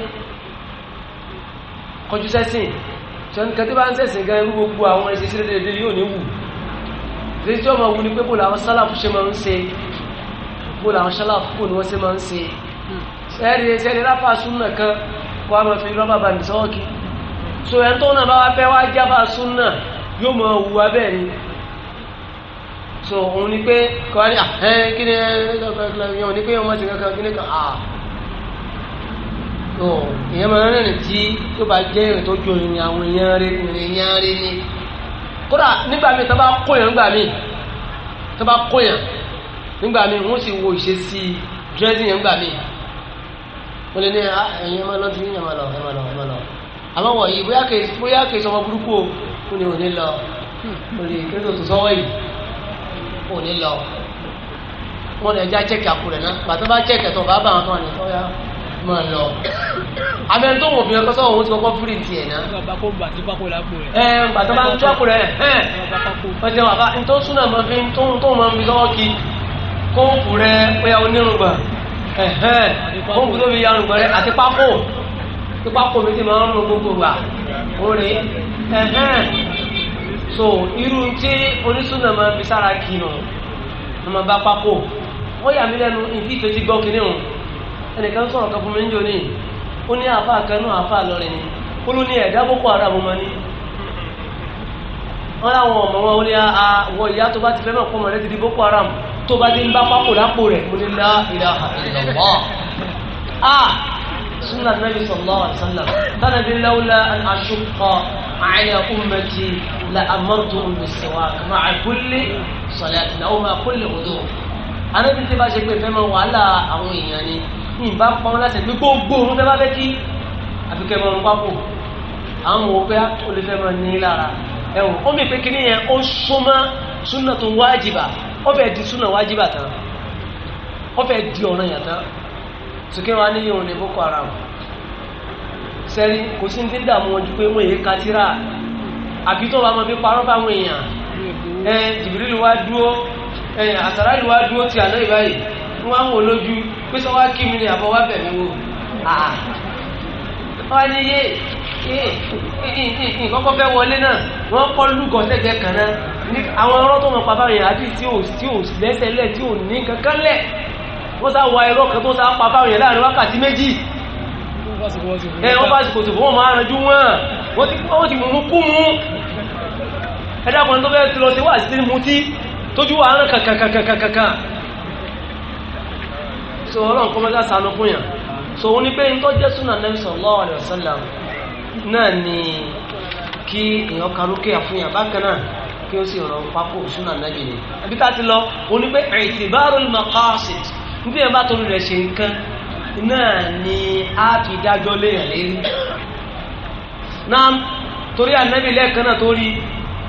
Speaker 2: kọjú sẹ́sìn ṣọ́nkẹ́ tí bá ń sẹ́sìn gan irú gbogbo àwọn ẹ̀ṣẹ̀ sílẹ̀ dédé yóò ní wù lèyí tí ọmọ wù ni pé bó làwọn sálàfù ṣe máa ń ṣe bó làwọn sálàfù kò ní wọ́n ṣe máa ń ṣe ẹ̀rí ẹ̀ṣẹ̀rí ráfà súnà kan kó a máa fi rọ́bà bá mi sọ́ọ̀kì so ẹ̀ tó náà bá wá fẹ́ wá jábà súnà yóò máa wù wá bẹ́ẹ̀ ni so òun ni pé kọ́ tó èèyàn máa ń rìnrìn tí tó bá jẹ́ ìrìn tó ju ìrìn àwọn èèyàn rí ìrìn èèyàn rí ni kódà nígbà míì tó bá kóyàn nígbà míì tó bá kóyàn nígbà míì wọ́n sì wo ìṣesí dírẹ́sì yẹn nígbà míì wọ́n lè ní ah, ẹ̀yin ọmọ náà ti ní ẹ̀mọ̀ lọ ẹ̀mọ̀ lọ ẹ̀mọ̀ lọ àmọ́ wọ̀nyí bóyá kèé sọmọ burúkú o kò ní òní lọ kò ní kí ló tó sọ́wọ́ yìí òní lọ wọ́n lè já chẹ́kì àkùrẹ̀ náà bàtà bá chẹ́kì ẹ̀tọ́ bá bá àwọn tó wà ní ọ̀yà máa lọ abẹ́rẹ́ tó wọ̀ fi ẹ̀kọ́ sọ́wọ́ owó tí kọ́kọ́ fúri tiẹ̀ náà. ẹ bàtà bá ń tó àpò rẹ̀ ẹ wọ́n ti wà bá tó súnà máa fi tó máa fi lọ́wọ́ kí kóòpù rẹ̀ pé onírùngbà kóòpù tó fi yarùngbà rẹ̀ àti pákó tó pákó mi ti máa ń rún gbogbo gbà ó rè é so irú tí onísúnà máa fi sára kì nù ló máa bá pákó ó yà mí lẹ́nu ìdí ìfẹ́ ti gbọ́ kinní hàn ẹnìkan sọ̀rọ̀ kan fún mi ń jò ní ó ní àfa kan náà àfa lọ́rin ni ó ló ní ẹ̀dá boko haram ọmọ ní wọ́n láwọn ọmọ wọn ó ní àwọ̀ ìyá tó bá ti fẹ́ pọ̀ mọ̀ rẹ́ boko haram tó bá ti ń bá pápò lápò rẹ̀ mo ní lá ìlà àìlọ́wọ́ a sunna nabi sallallahu alaihi wasallam tana bi laula an ashqa ala ummati la amartu bis siwak ma'a kulli salati aw ma'a kulli wudu anabi ti ba ṣe pé fẹ́ mọ̀ wàhálà àwọn èèyàn ni ìbá pa wọn láti pé gbogbo òun tẹ́ bá fẹ́ kí àfikẹ́ mọ́ ọ̀run pápò àwọn òun pé ah, ó lè fẹ́ mọ́ ní lára ẹ̀wọ̀n ó mì pé kíní yẹn ó súnmọ́ súnà tó wájibà ó fẹ́ di súnà wájibà tán ó fẹ́ di ọ̀ràn yàn tán sókè wọn á níyẹn òun ní boko haram sẹ́rí kò sí ní dààmú wọn ju pé wọ́n èyí katira àbí tó bá wọn fi parọ́ fáwọn èèyàn ẹ jìbìrìlì wá dúró ẹ̀yìn àtàrà ìwà dúró ti àná ìbáyìí wọ́n wọ́n lójú pé sọ wá kí mi ní àbọ̀ wá bẹ̀mí wo ah, ah. wọ́n ní yé ìkọ́kọ́ fẹ́ wọlé náà wọ́n kọ́ lúgọ sẹ́gbẹ́ kan náà ní àwọn ọ̀rọ̀ tó mọ̀ pàbá yẹn àti tí ò tí ò lẹ́sẹ̀ lẹ̀ tí ò ní kankan lẹ̀ wọ́n sá wa ẹ̀rọ kan tó sá pàbá yẹn láàrin wákàtí méjì ẹ̀ wọ́n bá sìkò sìkò wọ́n máa ranjú wọn wọ́n ti mú kú mú ẹ̀dá kan tó fẹ́ lọ sí wà sí mutí tójú àárán kankankankankan so ọlọ́run kọ́ mẹ́ta sànú fún yàn so ó ní pé nǹkan jẹ́ súnà Nabi sallallahu alaihi wasallam náà ni kí èèyàn karókè àfúnyàn bákan náà kí ó sì rọrùn pápó súnà Nabi ni ibi tá a ti lọ ó ní pé i'tibarul maqasid níbi yẹn bá torí rẹ̀ ṣe nǹkan náà ni a fi dájọ́ léèyàn lérí náà torí ànábì lẹ́ẹ̀kan náà torí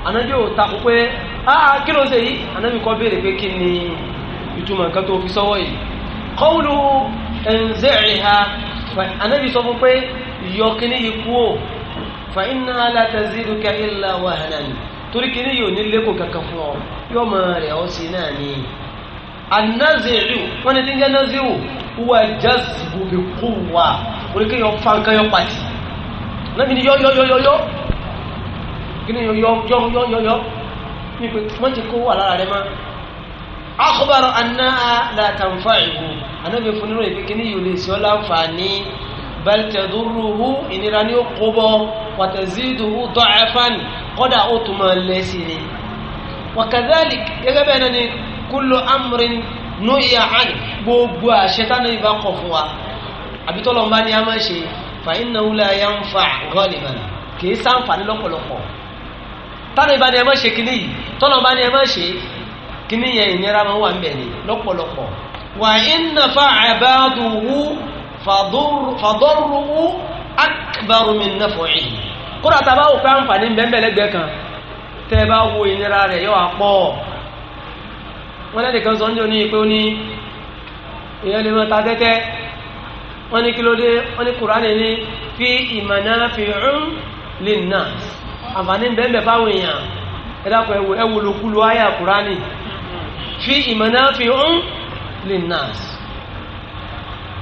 Speaker 2: ànábì ò takò pé ah kí ló ń ṣe yìí anábì kọ́ béèrè pé kí ni ìtumọ̀ nǹkan tó fi sọ́wọ́ yìí kọ́wùlù ẹ̀ǹzẹ̀rìhà anábì sọ fún pé yọ kíní yìí kú ò fa iná alátazídùkà ìlà wàhánà ni torí kíní yìí ò ní lékò kankan fún ọ yọ mọ rẹ̀ ọ sí náà ni anáziru wọn ni díjẹ náziru wà jásìbù kú wà orí kí yọ fankan yọ pàtì anábì ni yọ yọ yọ yọ yọ kíní yọ yọ yọ yọ yọ nípe wọ́n ti kó wà lára rẹ mọ́ akọbàrọ aná látàǹfà ìhù anábì fún nínú ìpín kíní yìí lè sọ láǹfààní bẹ́ẹ̀tẹ̀dúrúhu ìnira ní ó kó bọ́ wàtẹ̀zídùú dọ́ẹ̀fán kọ́dà ó tún máa lẹ́sìn ni wàkàdálì gẹ́gẹ́ bẹ́ẹ̀ náà ni kúlò amúrin nú ìyá àní gbogbo àṣẹ ìbá kọ̀ fún wa àbí tọ́lọ̀ a máa ṣe fàyín náà wúlò gọ́ọ̀lì mọ́ni kì í sáǹfààní lọ́pọ̀lọpọ̀ tánà ìbá ni ẹ má ṣe kíní yìí tọ́nà bá ni ẹ má ṣe kíní yẹn ìnira máa wà ń bẹ̀ ni lọ́pọ̀lọpọ̀ wà iná fa àbáduhu fàdọ́rùwú akbaromi nàfọ̀ yìí kódà tá a bá wò pé àǹfààní bẹ́ẹ̀nbẹ́lẹ́gbẹ̀ẹ́ kan tẹ́ ẹ bá wo ìnira rẹ̀ yóò pọ̀ wọ́n lẹ́nu kan sọ́njọ́ ní pé ó ìyẹn lè mọ ta tẹ́tẹ́ wọ́n ní kí ní kùránì ní fi fi ń lè nà àǹfààní bẹ́ẹ̀ fáwọn èèyàn ẹ dákun ẹwò ẹwò lókúlù àyà kúránì fi manafi'un linnas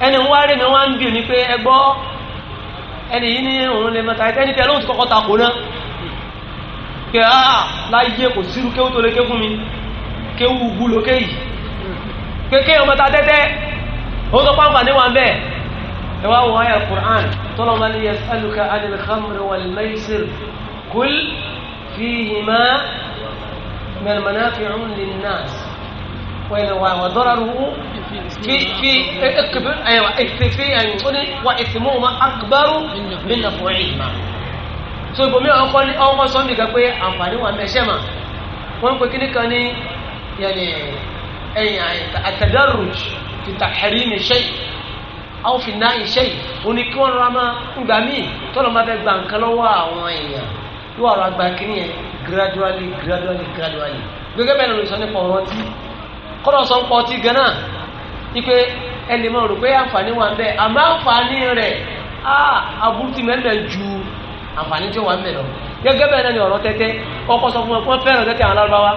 Speaker 2: ẹni wọ́n rí ni wọ́n ń bì ní pé ẹ gbọ́ ẹni yìí ní òun lè mẹ́ta ẹni tẹ́ lóun ti kọ́kọ́ takò náà pé á láyé kò sírú kéwú tó lè ké fún mi kéwú gúlókè yìí pé kéwú mẹ́ta tẹ́tẹ́ ó tó pàǹfà níwà ń bẹ́ ẹwà wọ́n ayà Qur'an tọ́lọ́mọ́ ni yas'aluka anil khamri wal maisir كل فيهما من منافع للناس وضرره في في اكبر ايوه في يعني واثمهما اكبر من نفعهما so ibomi àwọn kọ́ ní ọkọ̀ sọ ní kan pé àǹfààní wà mẹ́ṣẹ́ mà wọ́n pe kíní kan ní yẹnì ẹ̀yìn àtàdárùj ti tàhírí mi ṣe àwọn fi náà ìṣe yìí ní kí wọ́n rọra máa ń gbà míì tọ́lọ́ máa fẹ́ gba nǹkan lọ́wọ́ àwọn èèyàn tí wàá ra gba kínní yẹn gradually gradually gradually gbẹgẹ bẹ́ẹ̀ lórí sọ nípa ọ̀rọ̀ ọtí kọ́dọ̀ sọ nípa ọtí gan náà ipe ẹnì mọ̀ rò pé àǹfààní wà ń bẹ àmọ́ àǹfààní rẹ̀ á aburú ti mẹ́rin bẹ̀ ju àǹfààní tí ó wà ń bẹ lọ gẹ́gẹ́ bẹ́ẹ̀ náà ni ọ̀rọ̀ tẹ́tẹ́ ọkọ̀ sọ fún wọn pé wọ́n fẹ́ràn tẹ́tẹ́ àwọn alárúbáwá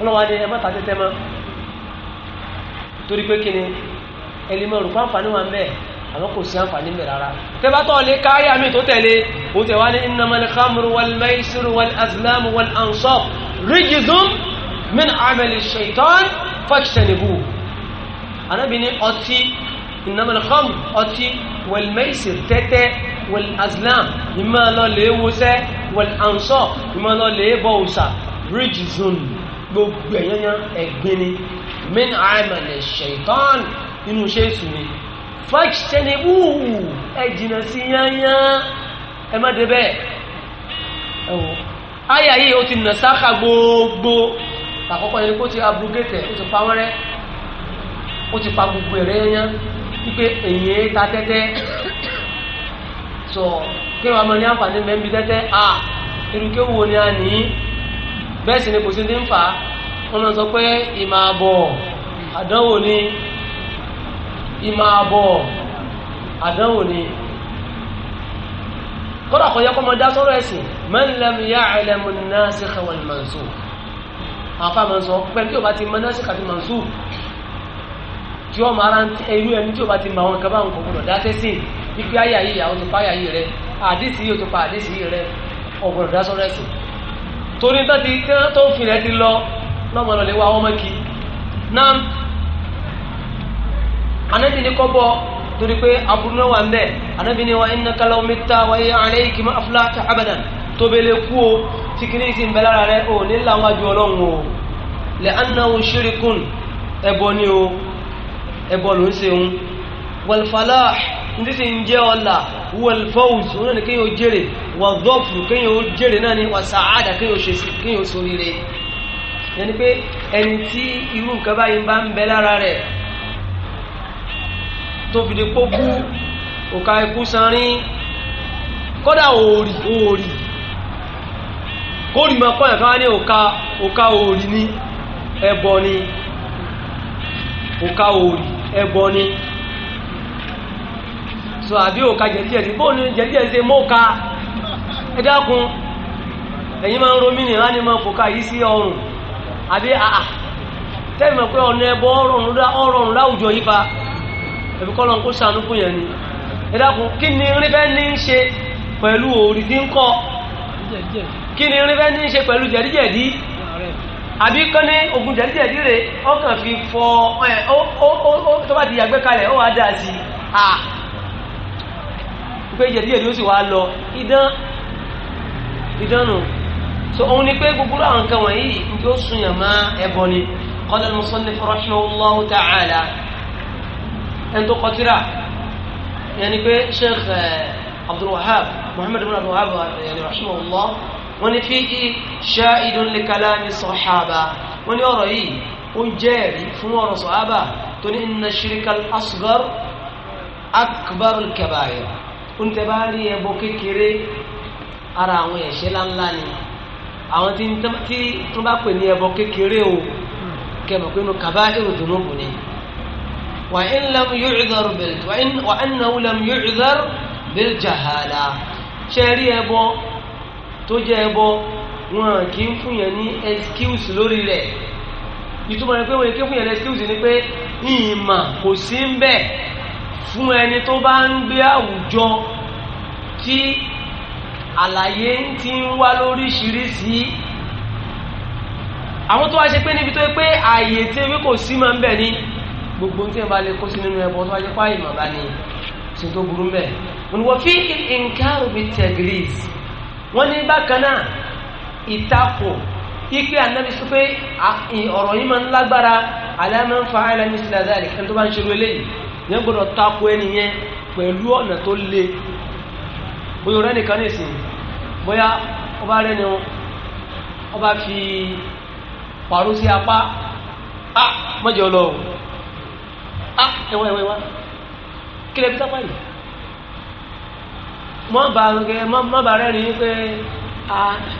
Speaker 2: ọlọ́wà ni ẹ má ta tẹ́tẹ́ mọ́ torí pé kíni ẹnì mọ̀ rò pé àǹfààní wà ń bẹ àmọ́ kò sí àǹfààní mẹ́ rárá tẹ́bátọ́ lè káyà mi tó tẹ̀lé o tẹ̀wá ní innamal khamru wal maisiru wal azlamu wal ansab rijzun min amali shaitan fajtanibu anábì ní ọtí innamal khamru ọtí wal maisir tẹ́tẹ́ wal azlam ìmọ̀ lọ lè wọṣẹ́ wal ansab ìmọ̀ lọ lè bọ̀ òṣà rijzun gbogbo ẹ̀yẹ́yẹ́ ẹ̀gbin min amali shaitan inú ṣe é fàṣtẹnibúù ẹ jìnà sí yányá ẹ má débẹ̀ ẹ wò àyà yìí ó ti nà sáka gbogbo àkọ́kọ́ yẹn kó ti abrogate ó ti pa wọ́n rẹ́ ó ti pa gbogbo ẹ̀rẹ́ yányá wípé èyí ta tẹ́tẹ́ sọ kí wọn máa ní àǹfààní mẹ́bí tẹ́tẹ́ à irúkẹ́ wo ni a ní bẹ́ẹ̀ sì ni kò sí ní ń fà á wọn máa sọ pé ìmọ̀ àbọ̀ àdánwò ni ìmọ̀ àbọ̀ àdánwò ni kọ́dà kọ́ yẹ kọ́ mọ́ dá sọ́rọ̀ ẹ̀sìn man lam ya'lamu an-nasikh wal-mansukh àfa máa ń sọ pẹ̀lú tí o bá ti mọ nasikh àti mansukh tí ọmọ ara irú ẹni tí o bá ti mọ àwọn kaba pa ayé ayé rẹ àdísì yìí pa àdísì yìí rẹ ọ̀gbọ̀dọ̀ dá sọ́rọ̀ ẹ̀sìn torí tó ń filẹ̀ ti lọ lọ́mọ lọ́lẹ́wọ́ anabi ni kọ́bọ̀ torí pé aburú náà wà ń bẹ̀ anabi ni wa innaka law mitta wa hiya alayka ma aflahta abadan tó bẹ̀lẹ̀ kú o tí kìíní sì ń bẹ lára rẹ o ní làwọn àjọ ọlọ́run o li'annahu shirkun ẹbọ ni o ẹbọ ló ń ṣe ń wal falah ndí sì ń jẹ́ ọ̀la wal fawz òun ni kéèyàn jèrè wà dhafr kéèyàn jèrè náà ni wà sa'ada kéèyàn sóríire yẹn ni pé ẹni tí irú nǹkan báyìí bá ń bẹ lára rẹ̀ tó fi lè kó òka ikú sanrín kódà òòrì òòrì kórì máa pọ̀yàn ní òka òòrì ní ẹbọ ni òka òòrì ẹbọ ni so àbí òka bóò ni jẹ̀díjẹ̀dí ṣe mọ́ka ẹ dákun máa ń romí nìyá yìí sí ọrùn àbí àà ẹ̀bí kọ́ lọ́n kó ṣàánú fún yẹn ni ẹ kí ni irin ní í ṣe pẹ̀lú òòrì tí ń kọ́ kí ni irin ní í ṣe pẹ̀lú jẹ̀díjẹ̀dí àbí kán ní oògùn jẹ̀díjẹ̀dí rè ọkàn fi fọ ẹ ó tó bá ti yàgbẹ́ kalẹ̀ ó wà dà sí à pé jẹ̀díjẹ̀dí ó sì wá lọ idán idán nù so òun ni pé gbogbo àwọn nǹkan wọ̀nyí ní ó sunyàn má ẹbọ ni qala al-musannif rahimahu ta'ala ẹni tó kọ tírà yẹn ni pé sheikh eh, abdulwahab muhammed bin abdulwahab eh, yẹni rahimahullah wọ́n ní fíjì ṣáàidùn lè kalami sọ̀hábà wọ́n ní ọ̀rọ̀ yìí ó jẹ́ẹ̀rí fún ọ̀rọ̀ sọ̀hábà tó ní inna shirikal asgar akbarul kabair ó ní tẹ́bá rí ẹbọ kékeré ara àwọn ẹ̀ṣẹ̀ láńlá ni àwọn tí tó bá pè ní ẹbọ kékeré o kẹmọ̀ pé inú kabair dùnú bù ni. وإن لم يعذر بال وإن وأنه لم يعذر بالجهالة ṣẹ́rí ẹbọ tó jẹ́ ẹbọ wọn kì í fún yẹn ní excuse lórí rẹ̀ ìtumọ̀ rẹ̀ pé wọn kì í fún yẹn ní excuse ni pé ìmọ̀ kò sí ń bẹ̀ fún ẹni tó bá ń gbé àwùjọ tí àlàyé ti ń wá lóríṣiríṣi àwọn tó wá ṣe pé níbi tó pé ààyè tí ewé kò sí máa ń bẹ̀ ni gbogbo ní ìbá lè kó sí nínú ẹbọ tó wájú fáyì màbá ni tí tó burú mbẹ wọn wọ fi nǹkan omi tẹgírís wọn ní bákan náà ìtakò ipe anabi sọ pé ọ̀rọ̀ yìí máa ń lágbára aláàmà ń fa àìlànà ìsìlẹ̀ àdáyà nìkan tó bá ń ṣerú yẹn gbọ́dọ̀ takò ẹni yẹn pẹ̀lú ọ̀nà tó le bóyá ọ̀rẹ́ nìkan ní ìsìn bóyá ọba rẹ ni ọba fi pàrọ̀ sí apá ah mọ́jọ lọ o. Ah, á ẹwà ẹwà kí lè fi sápá yìí mọ́ bá rẹ̀ bá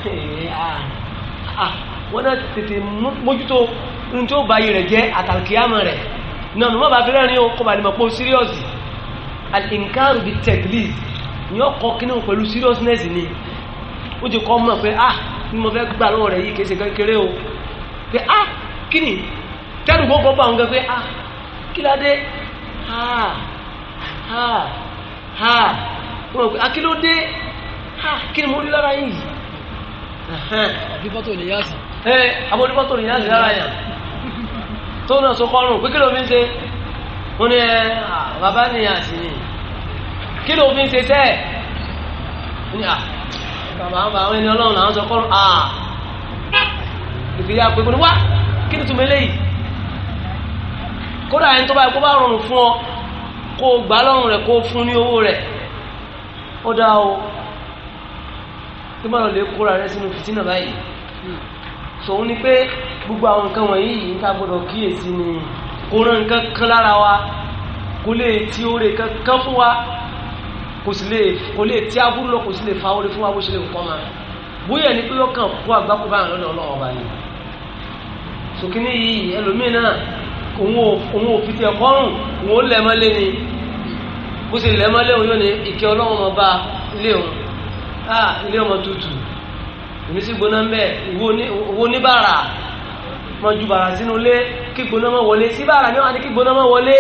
Speaker 2: pé wọ́n náà tètè mójútó ní tí ó bá yìí rẹ jẹ́ àtàkìyàmọ̀ rẹ̀ náà bá fi rẹ́rin kó bá lè mọ̀ pé ó ni ó kọ kí náà pẹ̀lú ni ó ti kọ́ mọ̀ pé ah ni mo fẹ́ o pé ah gbogbo bá ń gẹ́ pé ah kíládé ha ha ha wọ́n pè akílódé ha kí ni mo rí lára yìí àbíbọ́tò nìyá sí. ẹ àbọ̀dúbọ́tò nìyá sí lára yàn tó náà so kọ́rùn pé kí ló fi ń ṣe wọ́n ní ẹ bàbá nìyá sí ni kí ló fi ń ṣe sẹ́ẹ̀ ní à bàbá àwọn ẹni ọlọ́run làwọn sọ kọ́rùn ìfìyà pé kò ní wá kí ni túnbẹ̀ lẹ́yìn kódà ẹni tó bá yẹ kó bá rọrùn fún ọ kó o gbà lọ́rùn rẹ̀ kó o fún ní owó rẹ̀ ó dá o kí má lọ lè kóra rẹ sínú fìtínà báyìí sòun ni pé gbogbo àwọn nǹkan wọ̀nyí yìí ń ta gbọdọ̀ kíyèsí ni kó rán nǹkan kan lára wa kò lè ti oore kankan fún wa kò sì lè kò lè tí aburú lọ kò sì lè fa oore fún wa bó ṣe lè kọ́ ma bóyá ni pé yọkàn kó àgbákò báyìí lọ́dọ̀ ọlọ́wọ́ báyìí sòkínní yìí ẹlòmíín náà òun ò fi tẹ̀ kọ́rùn òun ó lẹ́mọ́lé ni bó ṣe lẹ́mọ́lé òun yóò ní ìkẹ́ ọlọ́run ọmọ bá ilé òun á ilé ọmọ tutù èmi sì gbóná mbẹ ìwo oníbàárà máa ju bàrà sínú ilé kí gbóná máa wọlé sí bàrà ni wọn á ní kí gbóná máa wọlé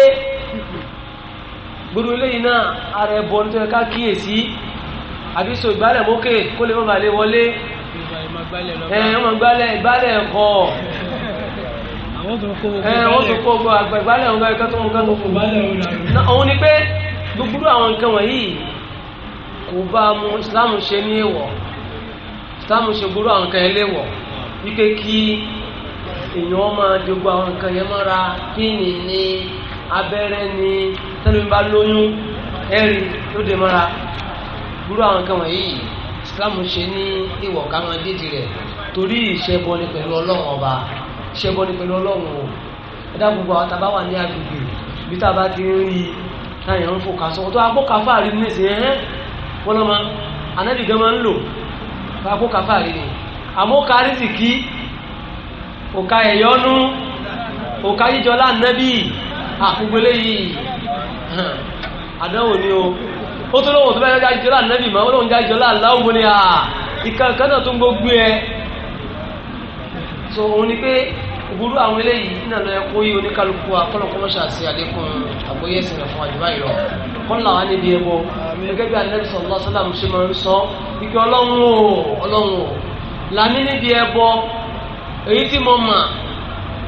Speaker 2: gbogbo ilé yìí náà ara ẹbọ ní tó yẹ ká kíyèsí àbí so ìgbálẹ̀ mókè kó lè má balẹ̀ wọlé ẹ̀ ọmọ ìgbálẹ̀ ìgbálẹ̀ ẹ̀kọ́ wọ́n tún kó gbọ́ eh, àgbà ìgbálẹ̀ òun gbáyé kẹ́tọ́ òun kẹ́tọ́ fún òun ni pé gbogbo àwọn nǹkan wọ̀nyí kò bá mu Islam ṣe ní èèwọ̀ Islam ṣe gbogbo àwọn nǹkan ẹlẹ́wọ̀ wípé kí èèyàn máa dogo àwọn nǹkan yẹn mọ́ra píìnì ní abẹ́rẹ́ ní tẹ́lẹ̀ bá lóyún ẹ̀rí ló dé mọ́ra gbogbo àwọn nǹkan wọ̀nyí Islam ṣe ní èèwọ̀ ká máa dídì rẹ̀ torí ìṣẹ́bọ ni pẹ̀lú Ọlọ́run ọba ṣẹbọ ní pẹ̀lú ọlọ́run o ẹ̀dá gbogbo àwọn tàbá wà ní agbègbè bí tàbá ti ń rí táyà ń fò kásọ tó agbóka fáàrí ní ìsìn ẹ̀hẹ́ wọ́n lọ́mọ anẹ́bì gan máa ń lò agbóka fáàrí ni àmọ́ ó ka rìsìkí òka ẹ̀yọ́nú òka yíjọ lánàbì àkúgbélé yìí àdánwò ni o ó tó lóhùn tó bẹ́ẹ̀ jájọ́ lánàbì mọ́ ó lóhùn jájọ́ láàláwò ni à ìkàkánà tó ń gbogbo ẹ so òun ni pé òwúrú àwọn eléyìí iná lọ yẹ kó yí oníkálukú akọ́lọ́kọ́ ṣàṣì àlékún àgbóyèsí rẹ̀ fún àdúrà yìí lọ kọ́nà wà níbi ẹbọ gẹ́gẹ́ bí alẹ́ sọ̀lọ́ sọ́lá ṣe máa ń sọ wípé ọlọ́run o ọlọ́run o làmí níbi ẹbọ èyí tí mo mà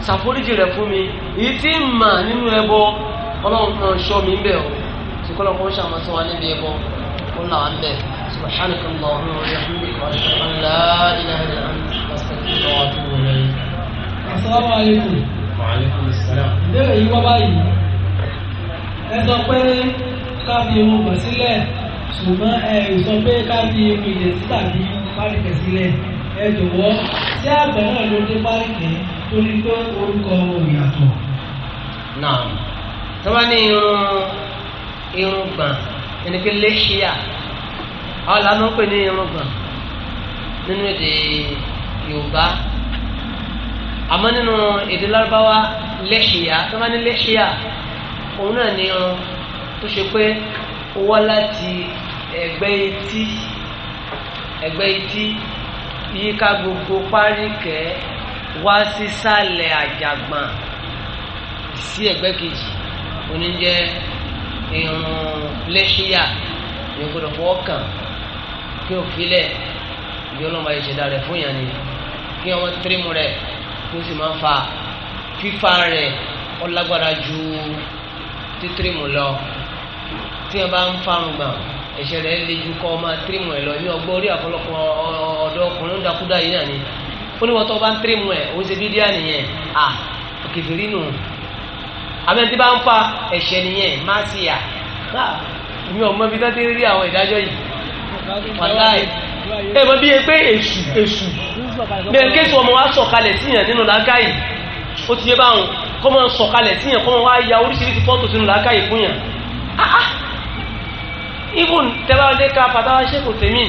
Speaker 2: ṣàforíjì rẹ̀ fún mi èyí tí mà nínú ẹbọ ọlọ́run kan ṣọ́ mi bẹ̀ o ṣùkọ́lọ́kọ́ ṣàmọ́sọ́ wa níbi ẹbọ kọ́nà wà ń سبحانك اللهم وبحمدك واشهد ان لا اله الا
Speaker 1: انت استغفرك واتوب
Speaker 3: اليك السلام عليكم وعليكم السلام ìbéèrè yìí wá báyìí
Speaker 1: ẹ sọ pé ká fi irun gbọ̀n sílẹ̀ ṣùgbọ́n ẹ sọ pé ká fi irun ìyẹ̀ sí tàbí pálíkẹ̀ sílẹ̀ ẹ jọ̀wọ́ tí àgbẹ̀ náà ló dé pálíkẹ̀ tó ní pé orúkọ òun ìyàtọ̀. náà
Speaker 2: tí wọ́n ní irun irun gbọ̀n ẹni pé léṣíà àwọn làánú ń pè ní irùngbọ̀n nínú èdè yorùbá àmọ́ nínú èdè lárúbáwá lẹ́ṣìyà tó bá ní lẹ́ṣìyà òun náà ní irun tó ṣe pé ó wá láti ẹ̀gbẹ́ etí ẹ̀gbẹ́ etí yíká gbogbo páríkẹ́ wá sísàlẹ̀ àjàgbọ̀n sí ẹ̀gbẹ́ kejì oníjẹ́ irun lẹ́ṣìyà ní gbọ́dọ̀ fọwọ́ kàn kí o filẹ̀ bí ọlọ́mọ ayé ṣẹ̀dá rẹ̀ fún yàn ni kí ọmọ tírímù rẹ̀ kí o sì máa fa fífa rẹ̀ ọlágbára ju títírímù lọ tí wọn bá ń farun gbà ẹsẹ̀ rẹ̀ lè ju kọ ọmọ tírímù ẹ lọ ní ọgbọ́n orí àfọlọ́pọ̀ ọ̀dọ́ ọkùnrin dákúdá yìí náà ni ó ní wọn tó bá ń tírímù ẹ òun ṣe bídíà nìyẹn à kẹfìrí nù àmì tí bá ń fa ẹ̀ṣẹ̀ nìyẹn má sí à mi ò mọ ibi tó ti rí àwọn ìdájọ́ yìí wàláì ẹ̀mọ́ bí i pé èṣù èṣù
Speaker 1: bẹ́ẹ̀ kéṣù ọmọ
Speaker 2: wa sọ̀kalẹ̀ síyàn nínú làákàyè ó ti yé báwọn kọ́mọ sọ̀kalẹ̀ síyàn kọ́mọ wa ya oríṣiríṣi fọ́tò sínú làákàyè fún yàn ah, ah. even tẹ́láwọ́dé ká fàtàwà ṣe kò tèmi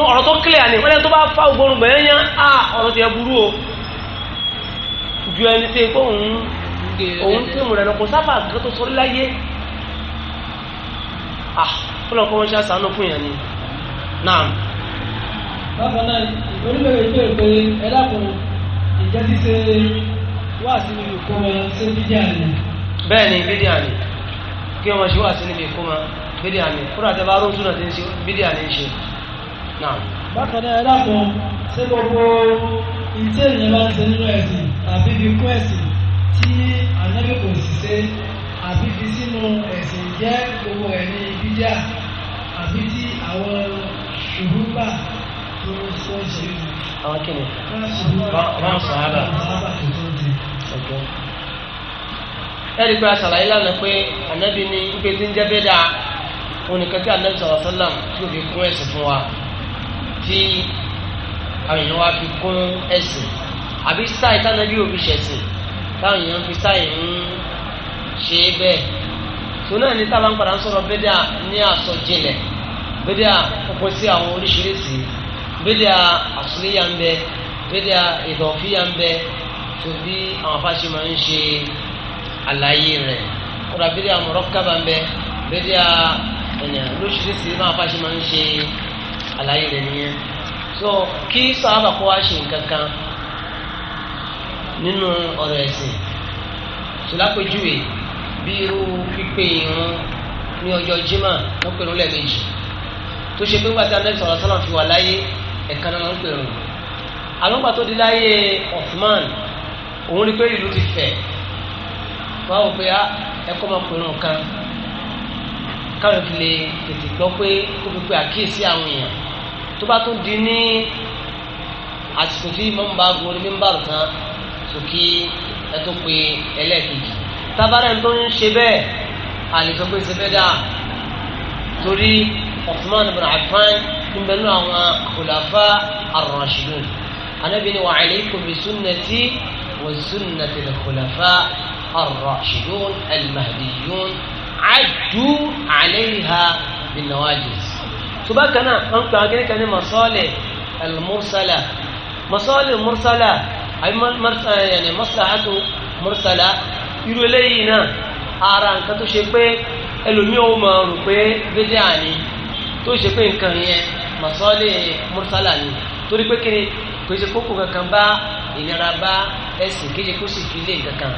Speaker 2: ọ̀rọ̀ tó clear ni wọ́n lẹ́nu tó bá fa ògbónú gbẹ̀yẹ́ yẹn á ah, ọ̀rọ̀ tó yẹ burú o ju ẹni tí kò ń òun tí mo rẹ̀ lọ ah kọ́lọ̀ kọ́ wọ́n ṣe àṣà náà fún yẹn ni náà. bákan náà oníbẹ̀rẹ̀ ìbéèrè pé
Speaker 1: ẹ dákun ìjẹ́ ṣíṣe wá sí ibi ìkómọ ṣé bídíà ni.
Speaker 2: bẹ́ẹ̀ ni bídíà ni kí wọ́n ṣe wá sí ibi ìkómọ bídíà ni fúnra tẹ bá rún súnà tí ń ṣe bídíà ni ń ṣe náà.
Speaker 1: bákan náà ẹ dákun ṣé gbogbo ìtẹ́ ìyẹn bá ń ṣe nínú ẹ̀sìn
Speaker 2: tàbí ibi kú ẹ̀sìn tí ànábì
Speaker 1: àbí fi sínú ẹ̀sìn jẹ́ gbogbo ẹ̀ ní bídíà àbí tí àwọn ìrúgbà tó sọ ṣe. àwọn kìnnì wọn sọ ábà
Speaker 2: ẹ̀rí pé aṣàlàyé lánàá pé ànábì ní ipe tí ń jẹ́ bẹ́dà onìkan tí ànábì sọ̀rọ̀ sọ́làm tí ò fi kún ẹ̀sìn fún wa tí àwọn èèyàn wa fi kún ẹ̀sìn àbí sáì tánàbí ò ṣẹ̀sìn táwọn èèyàn fi sáì ń ṣe é bẹ́ẹ̀ tó náà ní tábà ń padà ń sọ̀rọ̀ bídíà ní àsọjinlẹ̀ bídíà kókó sí àwọn oríṣiríṣi bídíà àsúlíyà ń bẹ bídíà ìdọ̀fíyà ń bẹ tó bí àwọn afáṣe máa ń ṣe àlàyé rẹ̀ kódà bídíà mọ̀rọ́kábà ń bẹ bídíà ẹ̀yà lóṣìṣẹ́ máa fáṣe máa ń ṣe àlàyé rẹ̀ nìyẹn so kí sọ́ábà kó wá ṣe nǹkan kan nínú ọ̀rọ̀ ẹ̀sìn ṣùlápẹ̀júwe. So, bí irú pípé irun ní ọjọ́ jimá wọ́n pè ní lẹ́ẹ̀mejì tó ṣe pé gbàtí anabi sọ̀rọ̀ sọ́nà fi wà láyé ẹ̀ka náà wọ́n pè ní. àwọn gbà tó di láyé Uthman òun rí pé ìlú ti fẹ̀ wọ́n á wò pé ah, ẹ̀kọ́ máa pè ní nǹkan káwọn fi lè tètè gbọ́ pé kó fi pé àkíyèsí àwọn èèyàn tó bá tún di ní àsìkò tí mọ́mbà gorí mímbà kan sókè ẹ tó pe ẹlẹ́ẹ̀kejì tabarẹ́n tó ń ṣe bẹ́ẹ̀ àlejò pé ṣe bẹ́ẹ̀ dáa torí Uthman ibn Affan ń bẹ nínú àwọn khulafa ar-rashidun anabi ni wa alaykum bi sunnati wa sunnati al-khulafa ar-rashidun al-mahdiyun addu alayha bin nawajis. tó bá kan náà wọn eh, mursala masalih mursala ay masalahatu mursala irú eléyìí náà ara nǹkan tó ṣe pé ẹlòmíì ó mọ̀ rò pé bídíà ni tó ṣe pé nǹkan yẹn mọ̀sọ́lẹ̀ mọ́tálà ni torí pé kí ni kò ṣe kókò kankan bá ìnira bá ẹ̀sìn kí ṣe kó sì fi lé kankan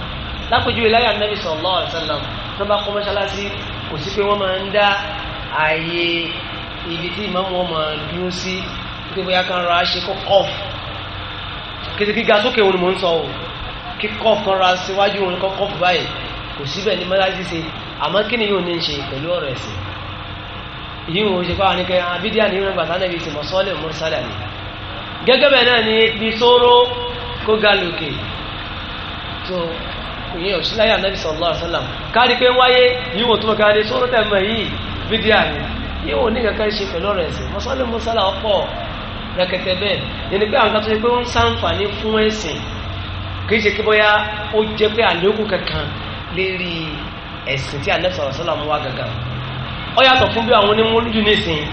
Speaker 2: lápèjúwe láyà nàbì sallallahu alaihi wasallam tó bá kọ́ mọ́ṣáláṣí kò sí pé wọ́n máa ń dá ààyè ibi tí ìmáàmù wọn máa dúró sí pé bóyá kan ra ṣe kó gíga sókè òun ni mò ń sọ o kíkọ́ kanra síwájú òun kọ́kọ́ fún báyìí kò síbẹ̀ ní mọ́lájí ṣe àmọ́ kí ni yóò ní ṣe pẹ̀lú ọ̀rọ̀ ẹ̀sìn yìí wọ́n ṣe fáwọn anìkẹ́ abídíà ní ìrìnàgbà tánà ibi ìsìnmọ̀ sọ́ọ̀lẹ̀ mọ́sálà ni gẹ́gẹ́ bẹ́ẹ̀ náà ni ibi sóró kó ga lòkè tó ìyẹn òṣìláyà nàbì sallallahu alaihi wasallam kárí pé wáyé yìí wọ́n túnbọ̀ kárí sóró tẹ̀mọ̀ yìí bídíà ni yìí wọ́n ní kankan ṣe pẹ̀lú ọ̀rọ̀ ẹ̀sìn mọ́sálẹ̀ mọ́sálà ọ̀pọ̀ rẹ̀kẹ̀tẹ̀ bẹ́ẹ̀ yẹn ni pé àwọn kan tó ṣe pé wọ́n ń sàǹfààní kì í ṣe kí bóyá ó jẹ́ pé àlékún kankan lérí ẹ̀sìn tí Ànábì sallallahu alaihi wasallam wá gangan ó yàtọ̀ fún bí àwọn onímọ̀lúdì nìsín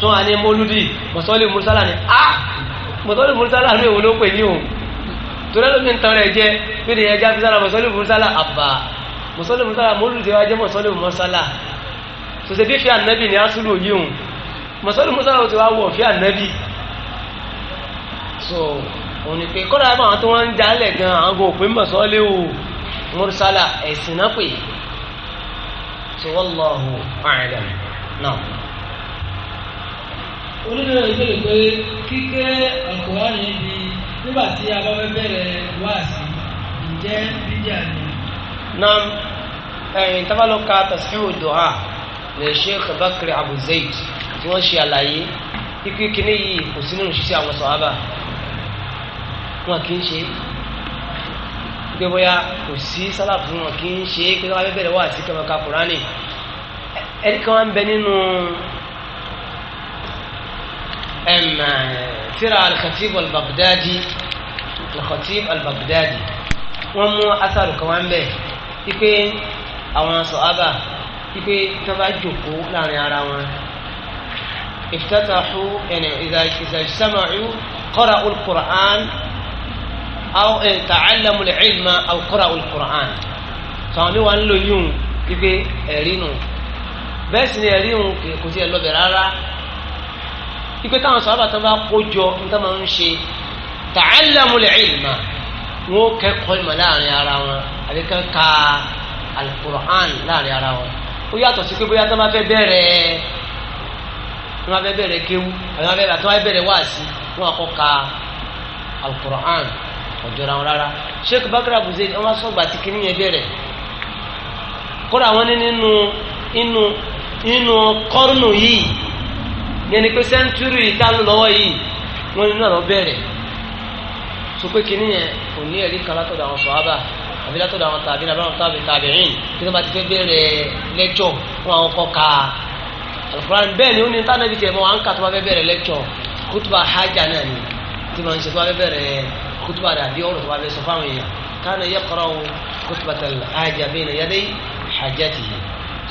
Speaker 2: tó wà ní mọ́lúdì mọ̀sọ́lì mùsálà ni a ah! mọ̀sọ́lì mùsálà ní òun ló pè ní òun torí ẹlòmí ń tan rẹ̀ jẹ́ bí ni ẹja fisálà mọ̀sọ́lì mùsálà àbà mọ̀sọ́lì mùsálà mọ́lúdì wa jẹ́ mọ̀sọ́lì mùsálà sọ̀sẹ̀ bí fi ànábì ni a sùn lò yíhun mọ̀sọ́lì mùsálà ó ti wá wọ̀ fi ànábì so òun ni pé kọ́dà bá àwọn tó wọ́n ń jalè gan àwọn kò pé mọ̀sọ́lé o mursala ẹ̀sìn náà pè tí wọ́n lọ hù àìlẹ̀ náà.
Speaker 1: onídàá ìbéèrè pé kíké Al-Qur'an níbi nígbà tí a bá fẹ́ bẹ̀rẹ̀ wáàsí ǹjẹ́ bíjà ni.
Speaker 2: náà ẹ̀yìn tábàlọ́ka tasihu du'a lè Sheikh Bakri Abu Zaid tí wọ́n ṣe àlàyé kíkí kíní yìí kò sínú ìṣiṣẹ́ àwọn sọ̀hábà wọn kì í ṣe pé bóyá kò sí sálàfù wọn kì í ṣe pé káwá bẹ̀rẹ̀ wà sí kẹmọ̀ká kùránì ẹni kan wá ń bẹ nínú tírà al-Khatib al-Baghdadi al-Khatib al mú asaru kan wá ń bẹ ipe àwọn sọ̀hábà ipe tí bá jòkó láàrin ara wọn افتتحوا يعني إذا إذا اجتمعوا قرأوا القرآن aw ta'allamu al-ilma aw qara'u al-Qur'an sọ̀rọ̀ mi wà ń lò yíyún pípé ẹ̀rí nù bẹ́ẹ̀ sì ni ẹ̀rí nù kò tiẹ̀ lọ bẹ̀ rárá pípé táwọn sọ̀rọ̀ àbàtàn bá kó jọ níta máa ń ṣe ta'allamu al-ilma wọn kẹ́kọ̀ọ́ ìmọ̀ láàrin ara wọn àbí kan ka al-Qur'an láàrin ara wọn ó yàtọ̀ sí pé bóyá tó bá fẹ́ bẹ̀rẹ̀ tó bá fẹ́ bẹ̀rẹ̀ kéwú àbí tó bá fẹ́ bẹ̀rẹ̀ wáàsí wọn àkọ́ka al-Qur'an ọ̀jọ̀ra wọn rárá sheikh bakra buze wọn wá sọgbà tí kìnìún yẹn bẹ̀rẹ̀ kódà wọn ní nínú inú inú kọ́rùnù yìí yẹn ni pé sẹ́ńtúrì ìtàlù lọ́wọ́ yìí wọn nínú ọ̀rọ̀ bẹ̀rẹ̀ tó pé kìnìún yẹn kò ní ẹ̀rí kan látọ̀dọ̀ àwọn sọ̀hábà àbí látọ̀dọ̀ àwọn tàbí àbáwọn tàbí tàbíyìn kí wọ́n bá ti fẹ́ bẹ̀rẹ̀ lẹ́kṣọ̀ fún àwọn kọ́ ka alukuran bẹ́ẹ̀ ni ó ní tánàbí tiẹ̀ mọ́ àǹkà tó bá fẹ́ bẹ̀rẹ̀ lẹ́kṣọ̀ kútùbà tó bá fẹ́ kútùbà rẹ̀ àbí ọ̀rọ̀ tó bá fẹ́ sọ fáwọn يدي kánà yaqra'u khutbatal haja bayna yaday hajatihi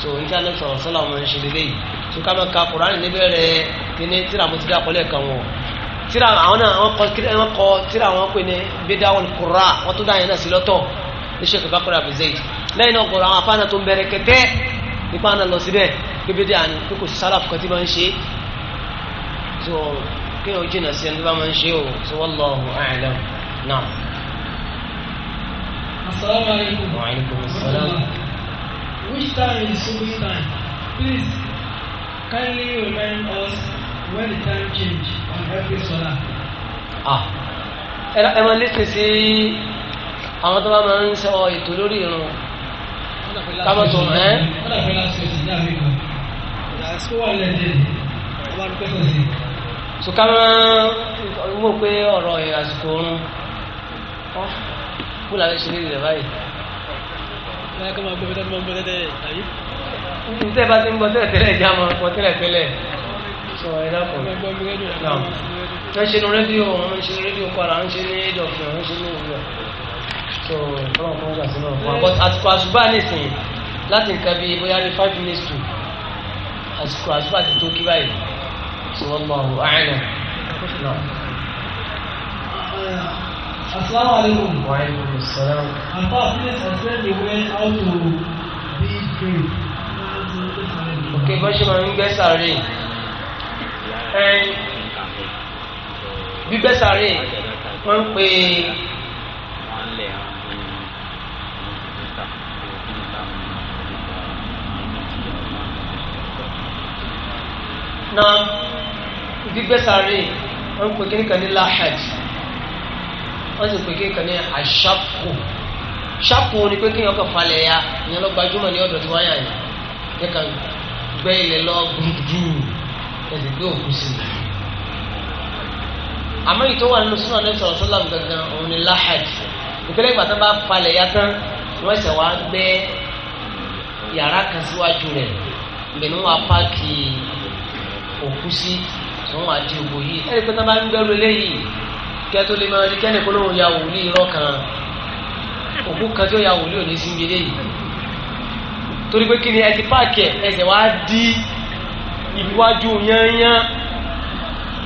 Speaker 2: so n tí a lè sọ̀rọ̀ sọ́lá ọmọ ìṣe lélẹ́ yìí so ká máa ka kuraani níbẹ̀ rẹ̀ kíní tíra mo ti dá kọ́lẹ̀ kan wọn tíra àwọn náà wọn kọ tíra wọn pè ní bidawul qurra wọn tó dá yẹn náà sí lọ́tọ̀ ní Sheikh Bakr Abu Zayd lẹ́yìn náà gbọ́dọ̀ àwọn afáàná tó ń bẹ̀rẹ̀ kẹtẹ́ nípa náà lọ síbẹ̀ kébé dé àná pé kò sí sálàfù kan tí máa ń ṣe so kéèyàn jìnnà sí ẹni tó bá máa ń ṣe o so wallahu a'lam. نعم السلام عليكم وعليكم السلام
Speaker 1: Which time is Subuhi time? Please kindly remind
Speaker 2: us when the time change on every solar. Ah, ẹ máa listen sí àwọn tó bá máa ń sọ ètò lórí irun kábọ̀ tó ẹ́. wọ́n dàbí last question ní àmì kan ìdásíkò wà lẹ́dẹ̀ so ká máa ń mọ̀ pé ọ̀rọ̀ àsìkò oorun. Pula kó sendiri ṣe léèrè báyìí. báyìí kọ́ máa gbọ́ bẹ́tẹ́ tó máa ń gbọ́ tẹ́tẹ́ àbí. níta bá ti ń gbọ́ tẹ́lẹ̀ tẹ́lẹ̀ já máa ń gbọ́ tẹ́lẹ̀ tẹ́lẹ̀ sọ ẹ dákun. wọ́n ṣe ní rédíò wọ́n ṣe ní so báwọn kan gbà sínú But àbọ̀ àsìkò àṣùbà nìsín láti nǹkan bíi bóyá ní five minutes to àsìkò àṣùbà ti tó kí báyìí. sọ wọn lọ àwọn
Speaker 1: Assalamu alaikum. Wa alaikum assalam. Apart, please explain the way how to be
Speaker 2: free. Okay, bọ́n ṣe máa ń gbẹ́ sàárè. Gbígbẹ́ sàárè wọ́n ń pè na gbígbẹ́ sàárè wọ́n ń pè kíníkan ní láhàjì wọ́n sì pè kéèkan ní àṣàkó ṣàkó ni pé kéèyàn kàn falẹ̀ ya ìyẹn lọ gbajúmọ̀ ní ọ̀dọ̀ tí wọ́n yà yìí yẹ kàn gbẹ́ ilẹ̀ lọ gbúdúgbù ẹ̀sìn gbé òkú sí i. àmọ́ ìtọ́ wà nínú súnà ní sọ̀rọ̀ sọ́lá gangan òun ni láhàd ìpínlẹ̀ ìgbà tó bá falẹ̀ ya tán wọ́n ṣẹ̀ wá gbẹ́ yàrá kan síwájú rẹ̀ ìgbẹ̀nu wa páàkì òkú sí wọ́n wá di ògbò yìí ẹ̀rí kẹ́tó lè máa rí kẹ́nìkan lóun ya wòlíì irọ́ òkú kan tó ya wòlíì òní síbi eléyìí torí pé kí ni ẹ ti páàkì ẹ ẹsẹ̀ wá dí ìwájú yányán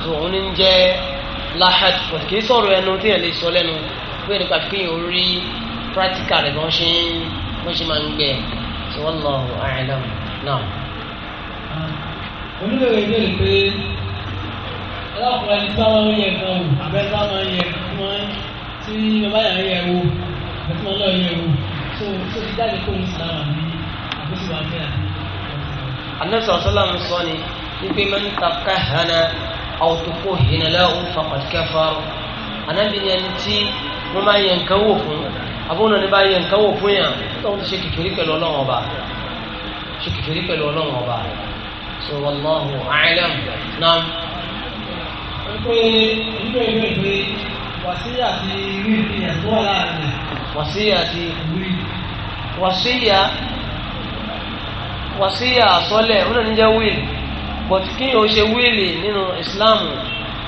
Speaker 2: tòun ní jẹ́ láhàd pọ̀tù kì sọ̀rọ̀ ẹnu tí ẹ lè sọ lẹ́nu pé nípa kí n rí practical rẹ̀ wọ́n ṣe wọ́n ṣe máa ń gbẹ wallahu a'lam náà.
Speaker 1: onílẹ̀ ìbéèrè pé ọlọ́pàá ẹni tí wọ́n yẹ kan wò abẹ́tá máa ń yẹ kan tí bàbá yà yẹ wò àti wọn náà yẹ wò so so ti jáde kó ní sàlámà ní àkóso wa fẹ́ àti.
Speaker 2: anasa ọsọlám sọ ni wípé mẹ́ni tàkà hànà àwòtòkò hìnàlá òun fàkọ̀ kẹfàrọ̀ anábìyẹn ẹni tí wọ́n máa yẹ nǹkan wò fún abóhùnà ni bá yẹ nǹkan wò fún yàn tó ń ṣe kékeré pẹ̀lú ọlọ́run ọba ṣe kékeré pẹ̀lú ọlọ́run ọba so wallahu a'lam náà pé ìlú ìlú ìpè wàsí àti wíìlì ẹ̀tọ́ wà láàrin wàsí àti wíìlì wàsíyà wàsíyà àsọlẹ̀ ó lóun jẹ́ wíìlì but kí o ṣe wíìlì nínú Islam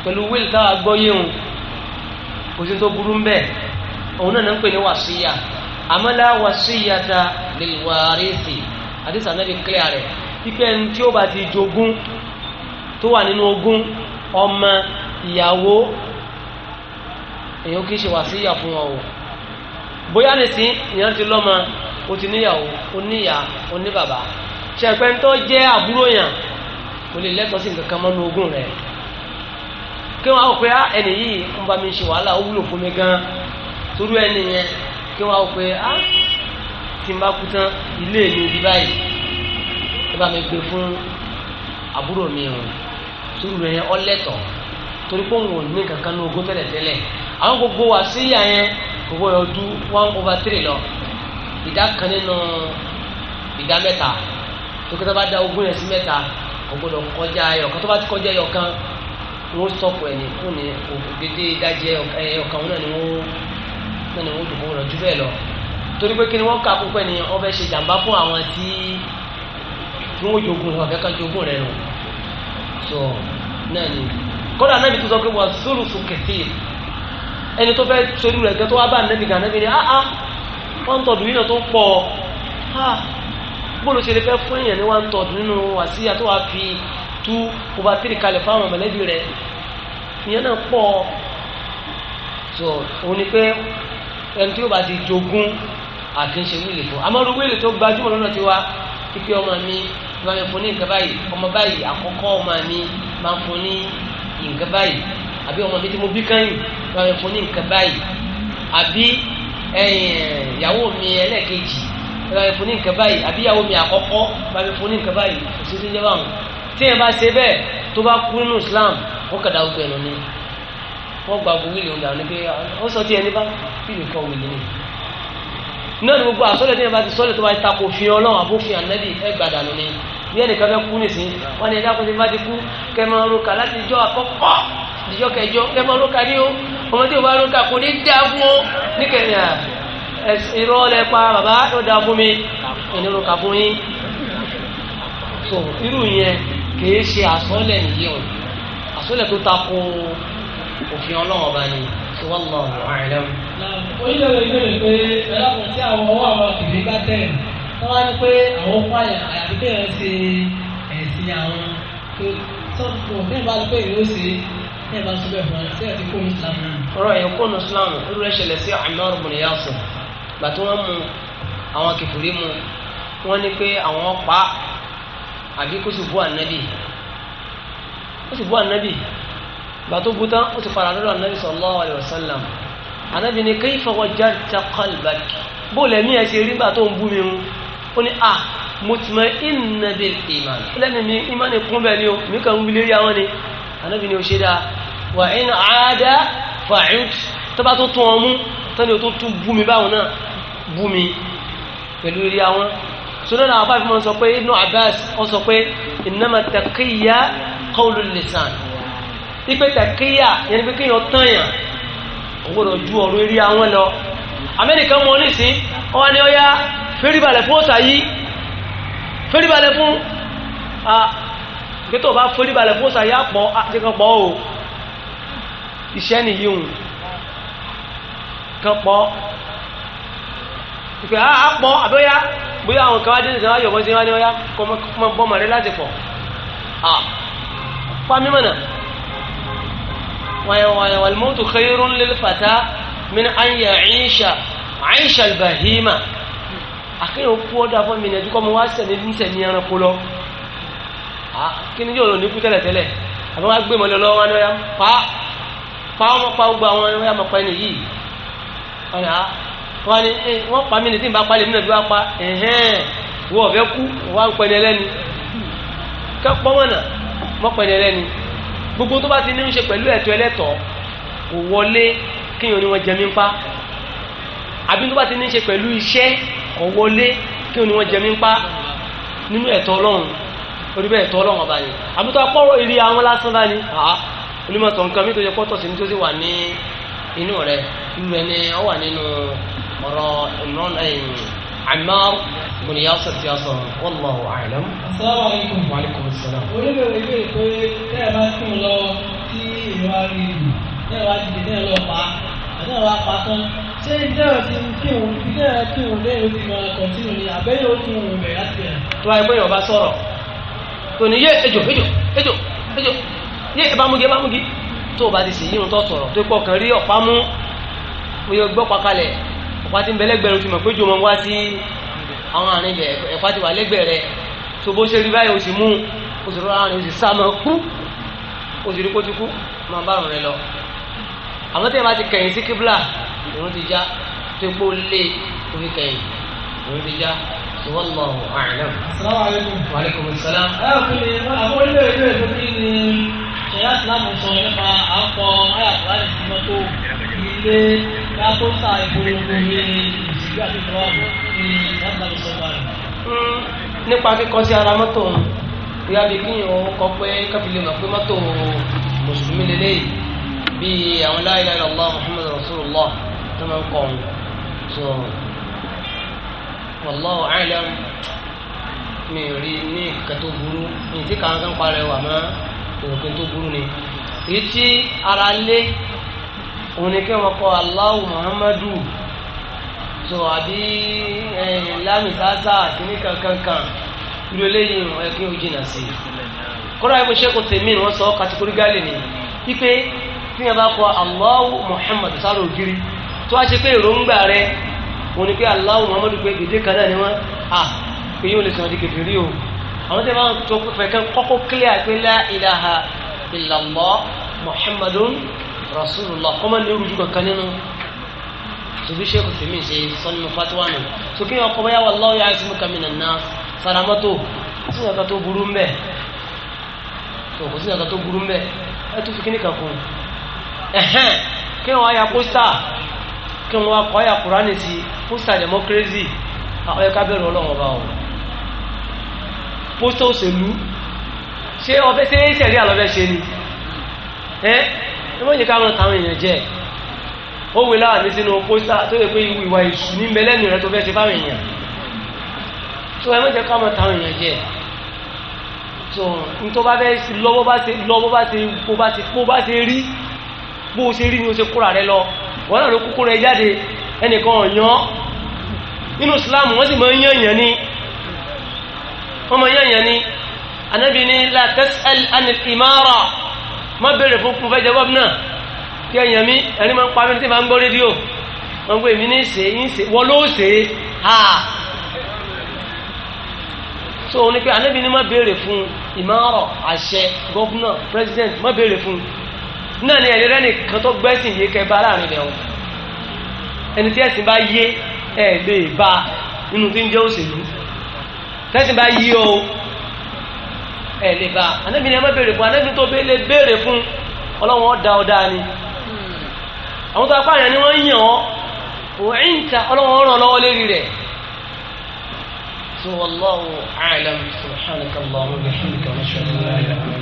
Speaker 2: pẹ̀lú wíìlì táwa gbọ́ yéhun kò sí tó burú ń bẹ̀ òun náà ń pè ní wàsíyà àmọ́lá wàsíyà ta lè wà rèéfì àti sànẹ́bí clear rẹ̀ pípẹ́ ní tí ó bá ti jogún tó wà nínú ogún ọmọ ìyàwó èyàn kì í ṣe wà sí ìyà fún wọn o bóyá nìsín ìyàn ti lọ́mọ o ti níyàwó o níyà o ní bàbá ṣẹpẹ́ntọ́ jẹ́ àbúrò yàn kò lè lẹ́tọ̀ọ́ sí nǹkan kan mọ́nú ogún rẹ̀ kí wọ́n á wò pé ah, ẹnì yìí ń bá mi ṣe wàhálà ó wúlò fún mi gan torí ẹni yẹn kí wọ́n á wò á ah, tí n bá kú tán ilé mi di báyìí ẹ bá mi gbé fún àbúrò mi o sùúrù rẹ̀ yẹn torí pé òun ní kankan ní ogún tẹ́lẹ̀ tẹ́lẹ̀ àwọn gbogbo wa sí ìyá yẹn gbogbo yẹn ọdún one over three lọ ìdá kan nínú ìdá mẹ́ta tó kí tó bá da ogún yẹn sí mẹ́ta kò gbọdọ̀ kọjá ẹyọkan tó bá ti kọjá ẹyọkan wọ́n sọ̀pọ̀ ẹ̀ ní kún ní òdèdè ìdajì ẹyọkan náà ni wọ́n náà ni wọ́n dùn kó lọ jù bẹ́ẹ̀ lọ torí pé kí ni wọ́n kà kó ni wọ́n fẹ́ ṣe jàǹbá fún àwọn tí wọ́n jogun ọ̀fẹ́ kan jogun rẹ̀ nù so náà ni kọ́dà anábì tó sọ pé wọ́n sólù fún kẹfì ẹni tó fẹ́ sórí rẹ̀ gẹ́tọ́ wá bá anábì gan anábì ni áá wọ́n tọ̀dù nínú tó pọ̀ ah, bóòlù ṣe lè fẹ́ fún èèyàn ní wọ́n tọ̀dù nínú wàsíyà tó fi tú over three kalẹ̀ fáwọn mọ̀lẹ́bí rẹ̀ ìyẹn náà pọ̀ so òun ni pé ẹni tí ó bá ti jogún àti ń ṣe wíìlì fún amọ́rú wíìlì tó gbajúmọ̀ lọ́nà tiwa kíkẹ́ ọmọ mi ìgbà fún ní nǹkan báyìí ọmọ báyìí àkọ́kọ́ ọmọ mi máa ń fún ní nǹkan báyìí àbí ọmọ mi tí mo bí kẹ́yìn lọ́wọ́ fún ní nǹkan báyìí àbí eh, ìyàwó mi ẹlẹ́ẹ̀kejì lọ́wọ́ fún ní nǹkan báyìí àbí ìyàwó mi àkọ́kọ́ lọ́wọ́ fún ní nǹkan báyìí kò sí sí jẹ́wọ́ àwọn tí yẹn bá ṣe bẹ́ẹ̀ tó bá kú nínú Islam wọ́n kàdá gbogbo ẹ̀nà ni wọ́n gba gbogbo wíìlì ọ̀dà ni pé ó sọ tí ẹni bá fìlì kọ́ wíìlì ni náà ni gbogbo àsọ́lẹ̀ tí yẹn bá ti sọ́lẹ̀ tó bá ti takò fi ọlọ́run àbófin ànábì ẹgbàdà lónìí bí ẹnìkan fẹ́ kú nìsín wọn ni ẹ̀dá kò ti bá ti kú kẹ máa roka láti ìjọ àkọ́kọ́ ìjọ kẹjọ kẹ máa roka ní o ọmọ tí o bá roka kò ní dá fún o ní kẹyìn à irọ́ lẹ pa bàbá yóò dá fún mi ẹni roka fún yín so irú yẹn kìí ṣe àsọ́lẹ̀ nìyí o àsọ́lẹ̀ tó takò òfin ọlọ́run ọba ni wallahu a'lam.
Speaker 1: onídàgbà ìbéèrè pé ẹlẹ́kùn tí àwọn ọwọ́ àwọn kìlì bá tẹ̀ wọ́n
Speaker 2: wá ní pé àwọn pààyàn àyàfi pé ẹ̀ ṣe ẹ̀sìn àwọn pé bẹ́ẹ̀ bá pé ìlú ṣe bẹ́ẹ̀ bá sọ bẹ́ẹ̀ fún ẹ ṣé ẹ ti kó islam náà. ọ̀rọ̀ yẹn kó islam irú rẹ̀ ṣẹlẹ̀ sí Ammar ibn Yasir gbà tó gútán ó ti fara lọ́dọ̀ anabi sallallahu alayhi wa sallam anabi ni kayfa wajadta qalbak bóòlù ẹ̀mí ẹ̀ ṣe rí gbà tó ń bú mi hun ó ní a mutma'inna bil iman lẹ́nu mi iman kún bẹ́ẹ̀ ni o mi kàn ń wuli rí àwọn ni anabi ni o ṣe dáa wa in aada fa'ud tó bá tó tún ọ mú tani o tó tún bú mi ipe tẹ̀kíyà yẹn pé kéèyàn tányàn ògbọ́dọ̀ ju ọ̀rọ̀ eré àwọn lọ amẹ́ríkà mọ́ nísìn wọ́n ní ọya fẹ́ríbalẹ̀ fún ọ̀tà yìí fẹ́ríbalẹ̀ fún àgbétọ̀ bá fẹ́ríbalẹ̀ fún ọ̀tà yìí àpọ̀ àjẹkọ̀pọ̀ o iṣẹ́ nìyí hùn kan pọ̀ ìpè àpọ̀ àbẹ́yà bóyá àwọn kan wá dé ìsìn ayọ̀ bọ́ sí wá ní ọya kọ́ mọ́ bọ́mọ̀ rẹ láti pọ̀ à pa mímọ̀ náà والموت خير للفتى من أن يعيش عيش البهيمة akéèyàn kú ọdọ afọ mi nẹjú kọ mo wá sẹni nísẹni ẹranko lọ kí ni yóò ní kú tẹ́lẹ̀tẹ́lẹ̀ àbí wọn gbé mọlẹ lọ́wọ́ wọn ya pa pa wọn pa gbogbo àwọn ẹni wọn ya mọ pa ẹni yìí wọn ni wọn ni wọn pa mí ní tí n bá pa lè mí nàbí wọn pa ẹhẹn wọn ọbẹ kú wọn pa ẹni ẹlẹni kẹ pọ wọn nà wọn pa ẹni gbogbo tó bá ti ní ń ṣe pẹ̀lú ẹ̀tọ́ ẹlẹ́tọ̀ọ́ kò wọlé kéèyàn ni wọ́n jẹ mí ń pa àbí tó bá ti ní ń ṣe pẹ̀lú iṣẹ́ kò wọlé kéèyàn ni wọ́n jẹ mí ń pa nínú ẹ̀tọ́ ọlọ́run orí bẹ́ẹ̀ tọ́ ọlọ́run ọba ni àbí tó akọ́rọ̀ ìrí àwọn lásán bá ní onímọ̀tọ̀ nǹkan mi tó yẹ pọ́tọ̀ sí ní tó sì wà ní inú rẹ̀ inú rẹ̀ ni ọ wà nínú ọ̀rọ̀ ìnáwó عمار ibn Yasir ti والله wallahu السلام عليكم وعليكم السلام. alaikum
Speaker 1: assalam. oníbẹ̀rẹ̀ ìwé pé tẹ́ ẹ bá sùn lọ sí ìlú àríyìn tẹ́ ẹ bá dìde tẹ́ ẹ lọ pa àti ẹ bá pa tán ṣé ìjẹ́ ọ̀sìn kí òun ti tẹ́ ẹ kí òun lẹ́yìn oṣù máa kọ̀tínú ni àbẹ́yẹ̀ oṣù
Speaker 2: tó ní yé ejò ejò ejò ejò yé ìbámugi ìbámugi tó o bá ti sì yí ohun tó tó kọ̀ kan rí ọ̀pá mú oyè gbọ́ pakalẹ̀ wá ti ń bẹ lẹ́gbẹ̀rún ti mọ̀ pé jòmọ̀ wá sí àwọn àárín ilẹ̀ ẹ̀fà ti wà lẹ́gbẹ̀ẹ́ rẹ̀ tó bó ṣe rí báyìí o sì mú o sì rọra àárín o sì sá mọ́ kú o sì rí kó ti kú máa bá rùn rẹ lọ. àmọ́ tẹ́yìn bá ti kẹ̀yìn sí kíbla òun ti já tó epo lé orí kẹ̀yìn òun ti já wallahu a'lam. assalamu alaikum. wa alaikum assalam. ẹ ò fi
Speaker 1: àwọn ilé ìlú kí ni ṣẹlá ìsìlámù sọ pé kákóńtà ìpolongo
Speaker 2: ní ìṣíjú àti ìtọ́wà ní ìdájọ́ ìṣọ́gbà rẹ̀. nípa kíkọ sí ara mọ́tò òun bóyá bíi kí òun kọ pé kábìlì mọ̀ pé mọ́tò mùsùlùmí lélẹ́yìí bíi àwọn la ilaha illallah muhammadu rasulullah tó máa ń kọ òun. so wallahu a'lam mi ò rí ní nǹkan tó burú ní tí kàńkàn parẹ́ wà mọ́ òkè tó burú ni èyí tí ara lé òun ni kéwọn kọ Allahu Muhammadu tó àbí lámì sáásá àtìní kankankan irú eléyìí wọn ẹ kí o jìnnà sí i kódà ibo sẹ́kù tèmi ni wọ́n sọ kàtíkórígálì ni wípé tí wọn bá kọ Allahu Muhammadu sáré ògiri tó wá ṣe pé èròǹgbà rẹ òun ni pé Allahu Muhammadu pé gèdè kan náà ni wọn à pé yóò lè sọ̀rọ̀ di kèfèrí o àwọn tí wọn fẹ́ kọ́kọ́ kílíà pé la ilaha illallah Muhammadun rasulullah kọ́ máa ní orújú kankan nínú tòbí sẹ́kù tèmi ṣe sọ́nù fatiwa nù sókè ọkọ̀ báyà wallahu ya'simuka minan nas sàràmọ́tò sí ìyàtọ̀ tó burú ń bẹ̀ tó kò sí ìyàtọ̀ tó burú ń bẹ̀ ẹ tó fi kíní kan kún ẹ̀hẹ́n kí wọ́n ya pósítà kí wọ́n kọ́ a kúránì sí pósítà democracy àwọn ẹ̀ka bẹ̀rù ọlọ́wọ́n bá wọn pósítà òṣèlú ṣé ọbẹ̀ ṣe é ṣẹ̀rí àlọ́bẹ̀ ṣe ni ẹ́ ẹ mọ̀ ní ká mọ̀ táwọn èèyàn jẹ́ ó wí láwà ní sínú pósítà tó yẹ pé ìwù ìwà ìṣù ní mẹlẹ́nu rẹ tó fẹ́ ṣe fáwọn èèyàn tó ẹ mọ̀ jẹ́ ká mọ̀ táwọn èèyàn jẹ́ tó nítorí bá fẹ́ lọ bó bá ṣe lọ bó bá ṣe bó bá wọ́n mọ̀ ń yànyàn ni wọ́n ní la tas'al má béèrè fún fún fẹ́jẹ́ bọ́ọ̀bù náà kí ẹ̀yàn mi ẹni máa ń pa mí tí máa ń gbọ́ rédíò wọ́n ń pè ní ṣe ń ṣe ló ṣe é ha so ní pé anábì ni má béèrè fún ìmọ̀ràn àṣẹ gọ́vùnà president má béèrè fún náà ni ẹ̀rẹ́rẹ́ nìkan tó gbẹ́sìn yé kẹ́ bá láàrin rẹ̀ wọn ẹni tí ẹ̀sìn bá yé ẹ̀ lè bá nínú tí ń jẹ́ òṣèlú tẹ́sìn bá yé o ẹ lè bá anábì ni ẹ má béèrè fún anábì tó bẹ́ẹ̀ lè béèrè fún ọlọ́wọ́n ọ̀dà ọ̀dà ni àwọn tó apá rẹ̀ ni wọ́n yàn ọ́ òǹkà ọlọ́wọ́n ràn lọ́wọ́ lérí rẹ̀ so wallahu a'lam subhanaka allahumma wa bihamdika wa ashhadu an la